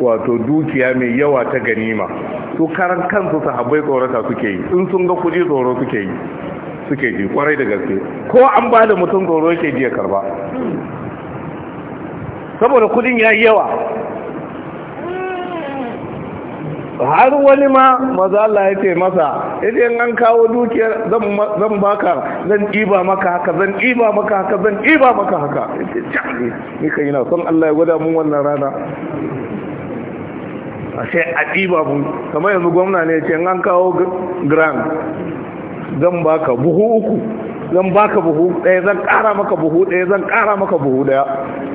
wato dukiya mai yawa ta ganima su karan kansu sahabbai tsorata suke yi in sun ga kudi tsoro suke yi suke ji kwarai da gaske ko an ba da mutum tsoro yake ji ya karba saboda kudin ya yi yawa har wani ma maza Allah ya ce masa idan an kawo dukiyar zan baka zan ɗiba maka haka zan ɗiba maka haka zan ɗiba maka haka ni yi na, son Allah ya gwada mun wannan rana a sai a ɗiba mu kamar yanzu gwamna ne ce an kawo grand zan baka buhu uku zan baka buhu ɗaya zan ƙara maka buhu ɗaya zan ƙara maka buhu ɗaya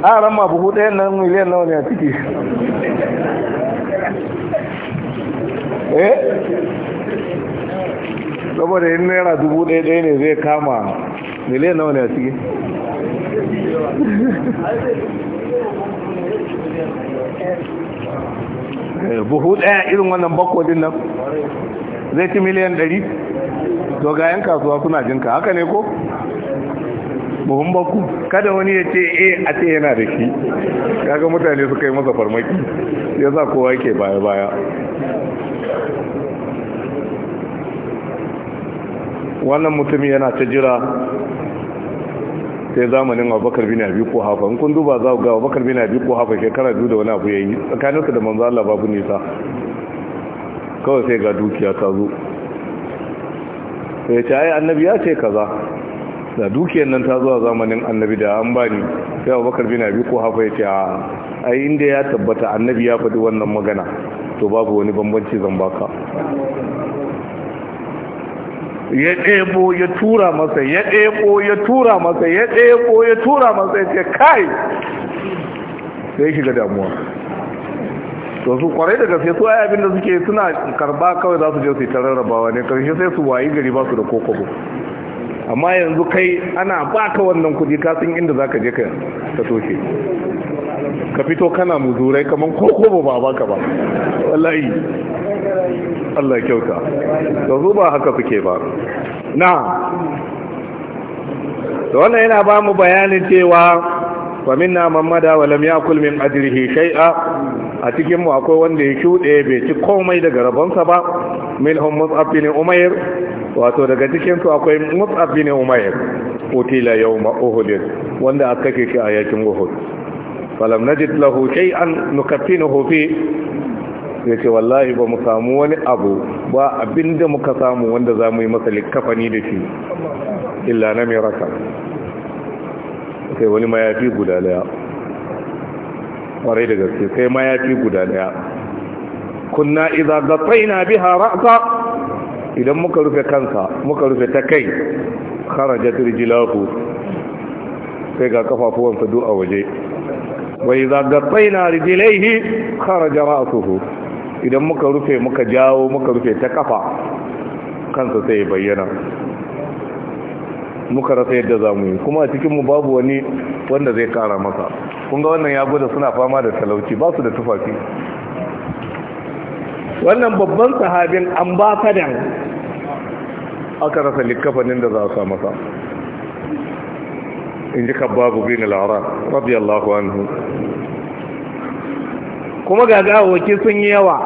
ƙaran ma buhu ɗaya nan miliyan nawa ne a ciki [LAUGHS] eh saboda yin naira dubu ɗaya ɗaya ne zai kama miliyan nawa ne a ciki [LAUGHS] Eh, buhu daya irin wannan bakwadin nan zai ci miliyan ɗari to ga yan kasuwa suna jinka haka ne ko buhun baku kada wani ya ce eh, a ce yana da shi kaga mutane suka yi masa farmaki ya za kowa ke baya-baya wannan mutum yana ta jira sai zamanin abubakar bin abi ko hafa in kun duba za ku ga abubakar bin abi ko hafa shekara biyu da wani abu yayi su da manzo Allah babu nisa kawai sai ga dukiya ta zo sai ta ai annabi ya ce kaza da dukiyar nan ta zo a zamanin annabi da an bani sai abubakar bin abi ko hafa ya ce ai inda ya tabbata annabi ya faɗi wannan magana to babu wani bambanci zan baka ya ɗebo ya tura masa ya ɗebo ya tura masa ya ɗebo ya tura masa ya ce kai sai shiga damuwa to su kwarai da gaske su ai da suke suna karba kawai za su je su yi tararrabawa ne karshe sai su wayi gari ba su da kokobo amma yanzu kai ana baka wannan kuɗi ka san inda zaka je ka ka ka fito kana muzurai kamar ko ko ba baka ba wallahi Allah ya kyauta da su ba haka suke ba na da wannan yana ba mu bayanin cewa wa minna mamada lam yakul kulmin ajirhi shai'a a cikinmu akwai wanda ya shuɗe bai ci komai daga rabonsa ba mil mus'ab bin umair wato daga cikinsu akwai mus'ab bin umair utila yau ma'uhudin wanda aka kashe shi a yakin uhud falam najid lahu shay'an nukaffinuhu fi yace wallahi ba mu samu wani abu ba abinda muka samu wanda za mu yi masa likafani da shi illa na miraka sai wani mayafi guda daya kwarai da gaske sai mayafi guda daya kunna idza gatsaina biha ra'sa idan muka rufe kansa muka rufe ta kai kharajat rijlahu sai ga kafafuwan fadu a waje wa idza gattaina rijlaihi kharaja ra'suhu idan muka rufe muka jawo muka rufe ta kafa kansa sai ya bayyana muka rasa yadda za mu yi kuma a cikinmu babu wani wanda zai kara masa kunga wannan ya gwada suna fama da talauci ba su da tufafi wannan babban sahabin ambasadan aka rasa likafanin da za a sa masa in ji kabbabu bin lara. radiyallahu anhu kuma ga gawawaki sun yi yawa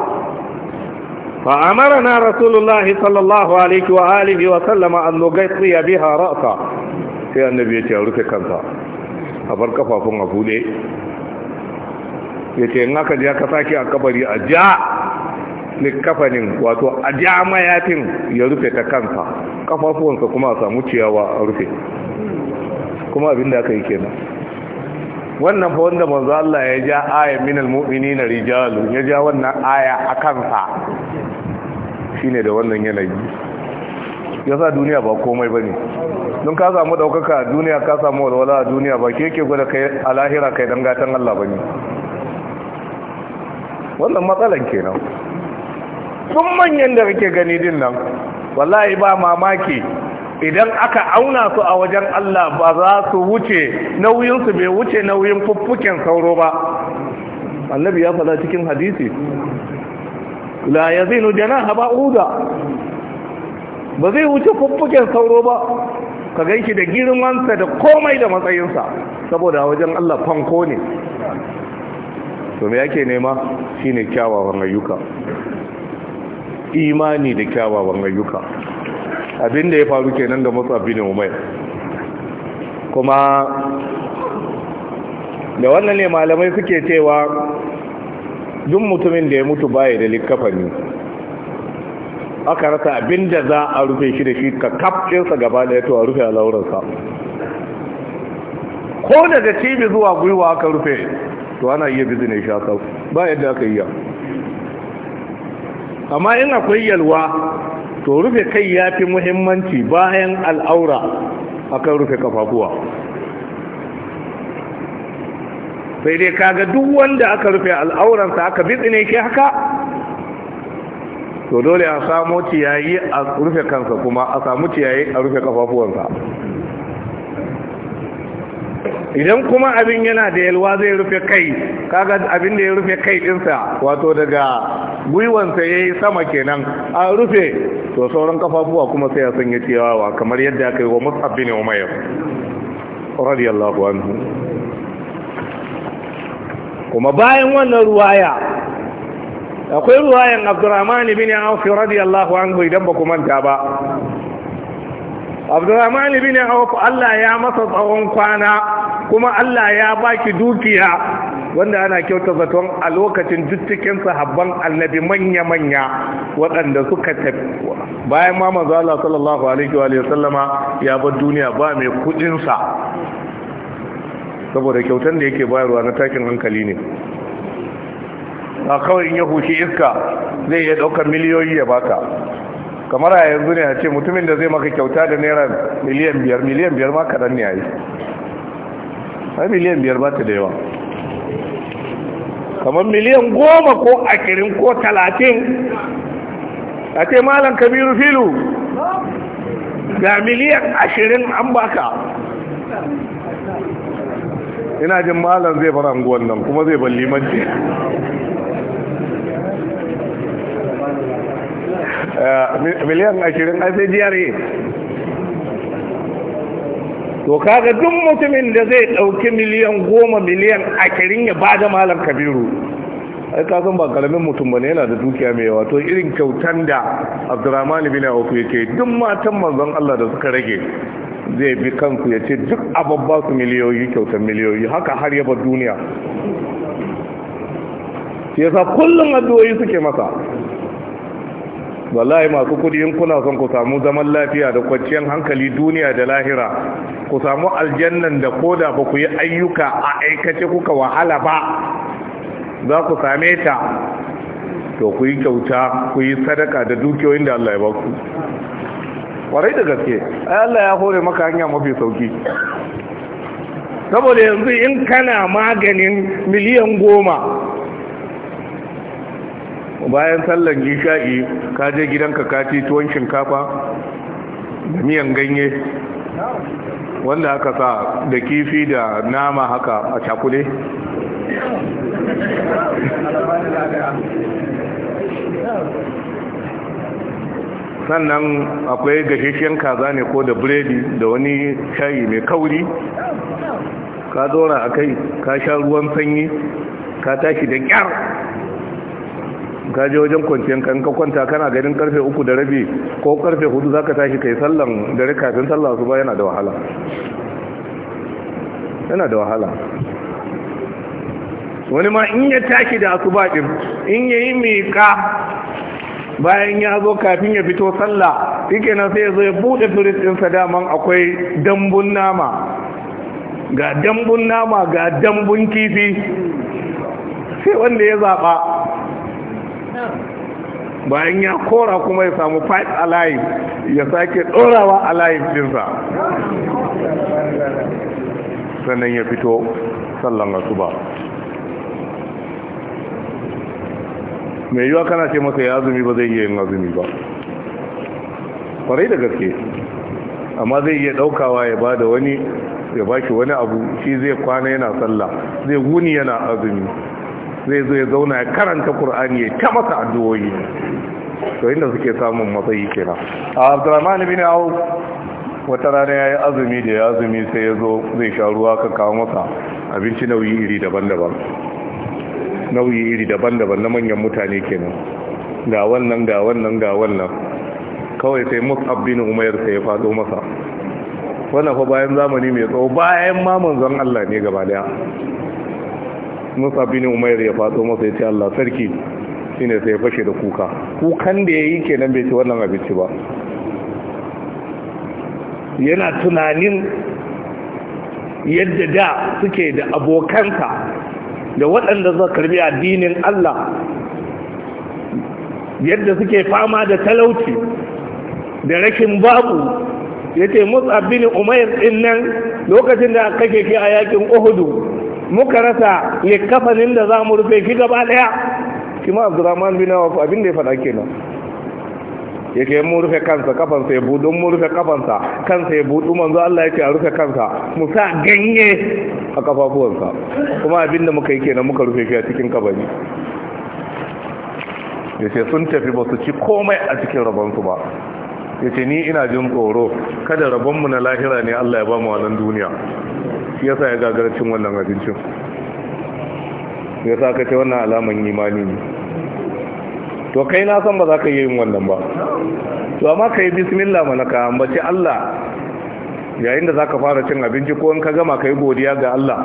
fa amara na rasulullahi sallallahu alaihi wa alihi wa sallama an nugaitsi ya biha ra'sa sai annabi ya ce a rufe kansa a bar kafafun a bude ya ce in aka ji aka sake a kabari a ja likafanin wato a ja mayafin ya rufe ta kansa kafafuwansa kuma a samu ciyawa a rufe kuma abin da aka yi kenan wannan fa wanda manzo Allah ya ja aya minal mu'minina rijalu ya ja wannan aya akan sa shine da wannan yanayi yasa duniya ba komai bane don ka samu daukaka a duniya ka samu walwala a duniya ba ke ke gwada kai a lahira kai dan gatan Allah bane wannan matsalan kenan sun manyan da kake gani din nan wallahi ba mamaki idan aka auna su a wajen Allah ba za su wuce nauyinsu bai wuce nauyin fuffuken sauro ba annabi ya faɗa cikin hadisi la yazinu janaha ba'uda ba zai wuce fuffuken sauro ba ka ganki da girmansa da komai da matsayinsa saboda wajen Allah fanko ne to me yake nema shine kyawawan ayyuka imani da kyawawan ayyuka abin da ya faru kenan ga abin bin umar kuma da wannan ne malamai suke cewa duk mutumin da ya mutu baya da likafani aka rasa abin da za a rufe shi da shi ka kafcinsa gaba da ya a rufe a laurarsa ko daga cibi zuwa gwiwa aka rufe to ana iya ne shi ba yadda aka yi amma in akwai yalwa to rufe kai ya fi muhimmanci bayan al'aura akan rufe kafafuwa sai dai kaga duk wanda aka rufe al'auransa aka bitsine ke haka to dole a samu ciyayi a rufe kansa kuma a samu ciyayi a rufe kafafuwansa idan kuma abin yana da yalwa zai rufe kai kaga abin da ya rufe kai dinsa wato daga gwiwansa ya yi sama kenan a rufe to sauran kafafuwa kuma sai ya sanya ciyawa kamar yadda aka yi wa mus'abbi ne umayr radiyallahu anhu kuma bayan wannan ruwaya akwai ruwayan abdurrahman bin auf radiyallahu anhu idan ba kuma manta ba abdurrahman bin auf Allah ya masa tsawon kwana kuma Allah ya baki dukiya wanda ana kyauta zaton a lokacin cikin sahabban annabi manya-manya waɗanda suka tafi bayan ma manzo Allah sallallahu alaihi wa sallama ya bar duniya ba mai kudin sa saboda kyautan da yake bayarwa na takin hankali ne a kawai in ya hushi iska zai iya ɗaukar miliyoyi ya baka kamar a yanzu ne a ce mutumin da zai maka kyauta da naira miliyan biyar miliyan biyar ma kaɗan ne a yi sai miliyan biyar ba ta da yawa kamar miliyan goma ko akirin ko talatin a ce malam kabiru filu ga miliyan ashirin an baka ina jin malam zai fara anguwan nan kuma zai balli manje eh, miliyan ashirin a sai jiyar to kaga duk mutumin da zai dauki miliyan goma miliyan akirin ya ba da malam kabiru ai ka san ba karamin mutum ba yana da dukiya mai yawa to irin kyautan da abdurrahman bin auf yake duk matan manzon Allah da suka rage zai bi kansu ya ce duk ababba su miliyoyi kyautan miliyoyi haka har yaba duniya shi yasa kullum addu'o'i suke masa wallahi masu kudi in kuna son ku samu zaman lafiya da kwanciyar hankali duniya da lahira ku samu aljannan da koda ba ku yi ayyuka a aikace kuka wahala ba za ku same ta to ku yi kyauta ku yi sadaka da dukiyoyin da Allah ya ba ku kwarai da gaske ai Allah ya hore maka hanya mafi sauki saboda yanzu in kana maganin miliyan goma bayan sallan isha'i ka je gidanka ka ci tuwon shinkafa da miyan ganye wanda aka sa da kifi da nama haka a cakule sannan akwai gashishiyar kaza ne ko da biredi da wani shayi mai kauri ka zora a kai ka sha ruwan sanyi ka tashi da kyar ka je wajen kwanciyar kan ka kwanta kana ganin karfe uku da rabi ko karfe hudu zaka tashi kai sallan dare kafin sallah su ba yana da wahala yana da wahala wani ma in ya tashi da asuba din in yayi miƙa bayan ya zo kafin ya fito sallah shikenan sai ya zo ya bude firist din daman akwai dambun nama ga dambun nama ga dambun kifi sai wanda ya zaɓa. bayan ya kora kuma ya samu fight alive ya sake dorawa alive dinsa sannan ya fito sallan asuba mai yiwa kana ce masa ya azumi ba zai iya yin azumi ba kwarai da gaske amma zai iya daukawa ya ba da wani ya baki wani abu shi zai kwana yana sallah zai wuni yana azumi zai zo ya zauna ya karanta Kur'ani ya ta masa addu'o'i to inda suke samun matsayi kenan a Abdulrahman ibn awu wata rana ya yi azumi da ya azumi sai ya zo zai sha ruwa ka kawo masa abinci nauyi iri daban-daban nauyi iri daban-daban na manyan mutane kenan ga wannan ga wannan ga wannan kawai sai mus'ab bin umayr sai ya fado masa wannan fa bayan zamani mai tsawo bayan ma manzon Allah ne gaba daya musa bin umair ya faso masa ya ce Allah sarki shine sai ya fashe da kuka kukan da yayi kenan bai ci wannan abinci ba yana tunanin yadda da suke da abokanka da waɗanda za karbi addinin Allah yadda suke fama da talauci da rashin babu ya ce mus'ab bin umair din nan lokacin da kake ke a yakin uhudu muka rasa kafanin da za mu rufe shi gaba daya shi ma abdurrahman bin awaf abin da ya faɗa kenan ke mu rufe kansa kafansa ya budu mu rufe kafansa kansa ya budu manzo Allah ya ce a rufe kansa mu sa ganye a kafafuwansa kuma abin da muka yi kenan muka rufe shi a cikin kabari ce sun tafi ba su ci komai a cikin rabonsu ba ya ce ni ina jin tsoro kada rabonmu na lahira ne Allah ya ba mu wannan duniya shi sa ya gagarcin wannan abincin ya sa ka ce wannan alaman imani ne to kai na san ba za ka yi yin wannan ba to amma ka yi bismillah mana ka ambaci Allah yayin da za ka fara cin abinci ko in ka gama ka yi godiya ga Allah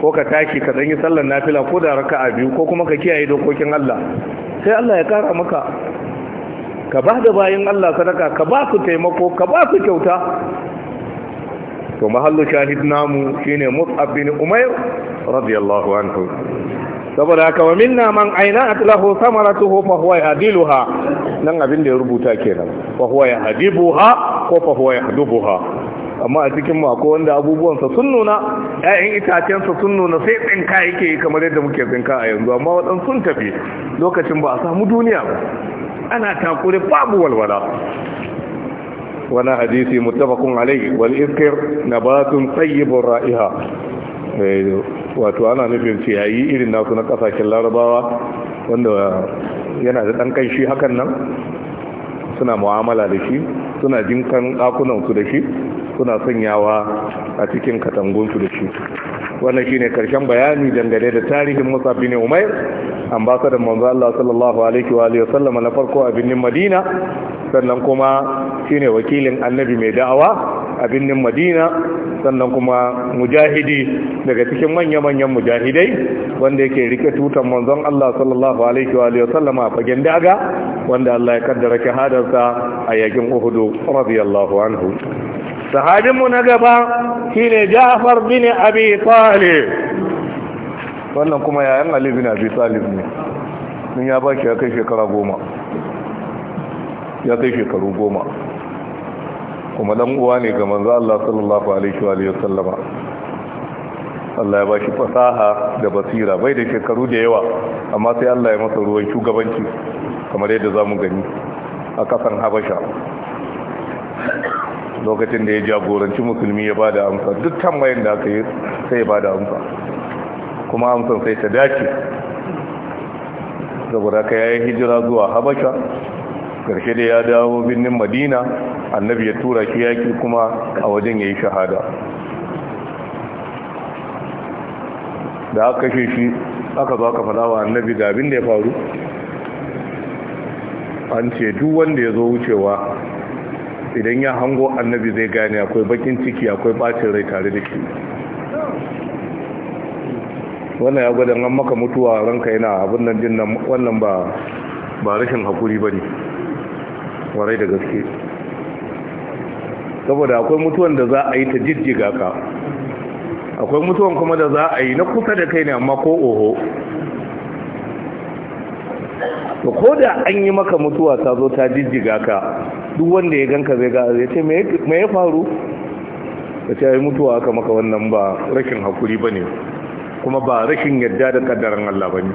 ko ka tashi ka ɗanyi sallar nafila ko da raka'a biyu ko kuma ka kiyaye dokokin Allah sai Allah ya kara maka ka ba da bayan Allah sadaka ka ba su taimako ka ba su kyauta to mahallu shahid namu shine Mus'ab bin Umair radiyallahu anhu saboda haka wa minna man aina atlahu samaratuhu fa huwa yadiluha nan abin da ya rubuta kenan fa huwa yahdibuha ko fa huwa yahdubuha amma a cikin mu akwai wanda abubuwansa sun nuna ƴaƴan itacensa sun nuna sai tsinka yake kamar yadda muke tsinka a yanzu amma waɗansu sun tafi lokacin ba a samu duniya ba ana takure babu walwala wani hadisi mutafakun alai wal iskir na batun tsayibin ra'iha eh, wato ana nufin ciyayi irin nasu na kasashen larabawa wanda yana da ɗan kanshi hakan nan suna mu'amala da shi suna jinkan ɗakunansu da shi suna sanyawa a cikin katangunsu da shi wannan shine karshen bayani dangane da tarihin musabbi ne umair ambasadar manzo Allah sallallahu alaihi wa alihi sallama na farko a binnin Madina sannan kuma shine wakilin annabi mai da'awa a binnin Madina sannan kuma mujahidi daga cikin manya-manyan mujahidai wanda yake rike tutan manzon Allah sallallahu alaihi wa alihi sallama a fagen daga wanda Allah ya kaddara hadarsa a yakin Uhud radiyallahu anhu sahabinmu na gaba shine Ja'far bin Abi Talib wannan kuma yayan Ali na Abi Talib ne in ya baki ya kai shekara goma ya kai shekaru goma kuma dan uwa ne ga manzo Allah sallallahu alaihi wa sallama Allah ya bashi fasaha da basira bai da shekaru da yawa amma sai Allah ya masa ruwan shugabanci kamar yadda zamu gani a kasan Habasha lokacin da ya jagoranci musulmi ya bada amsa duk tambayin da aka yi sai ya bada amsa kuma amsan sai ta dace saboda ka hijira zuwa habasha karshe da ya dawo birnin madina annabi ya tura shi yaki kuma a wajen ya yi shahada da aka kashe shi aka zo aka faɗawa annabi da abin da ya faru an ce duk wanda ya zo wucewa idan ya hango annabi zai gane akwai bakin ciki akwai bacin rai tare da shi wannan ya gwada an maka mutuwa ranka yana abin nan jin nan wannan ba ba rashin hakuri bane warai da gaske saboda akwai mutuwan da za a yi ta jijjiga ka akwai mutuwan kuma da za a yi na kusa da kai ne amma ko oho to ko da an yi maka mutuwa ta zo ta jijjiga ka duk wanda ya ganka zai ga zai ce me ya faru ka ce ai mutuwa aka maka wannan ba rashin hakuri bane kuma ba rashin yadda da kaddaran Allah ba ne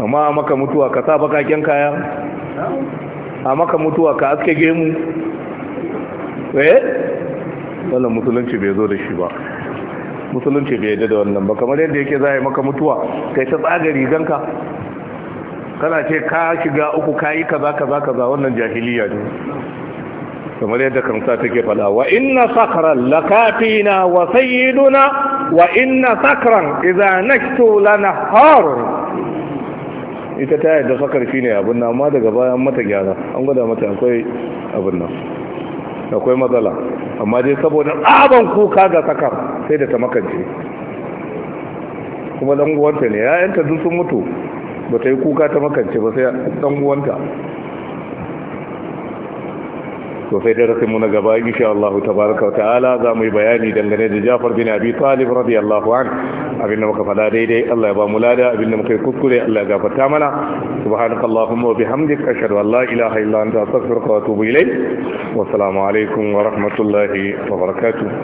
amma maka mutuwa ka sa bakaken kaya a maka mutuwa ka aske gemu eh wannan musulunci bai zo da shi ba musulunci bai yadda da wannan ba kamar yadda yake za a yi maka mutuwa kai ta tsaga ka kana ce ka shiga uku kayi kaza kaza kaza wannan jahiliya ne kamar yadda kamsa take fada wa inna sakara lakafina wa sayyiduna wa inna sakran idza naktu lanahar ita ta yadda sakar ne abin nan amma daga bayan mata gyara an gwada mata akwai abin nan akwai matsala amma dai saboda tsaban kuka ga sakar sai da ta makance kuma dan uwanta ne ya'yanta duk sun mutu ba ta yi kuka ta makance ba sai dan uwanta to sai darasin mu na gaba insha Allah tabaraka wa ta'ala za mu yi bayani dangane da Jafar bin Abi Talib radiyallahu an abinda muka faɗa daidai Allah ya ba mu lada abinda muka yi kuskure Allah ya gafarta mana subhanakallahumma wa bihamdik ashhadu an la ilaha illa anta astaghfiruka wa atubu ilayk wa assalamu alaikum wa rahmatullahi wa barakatuh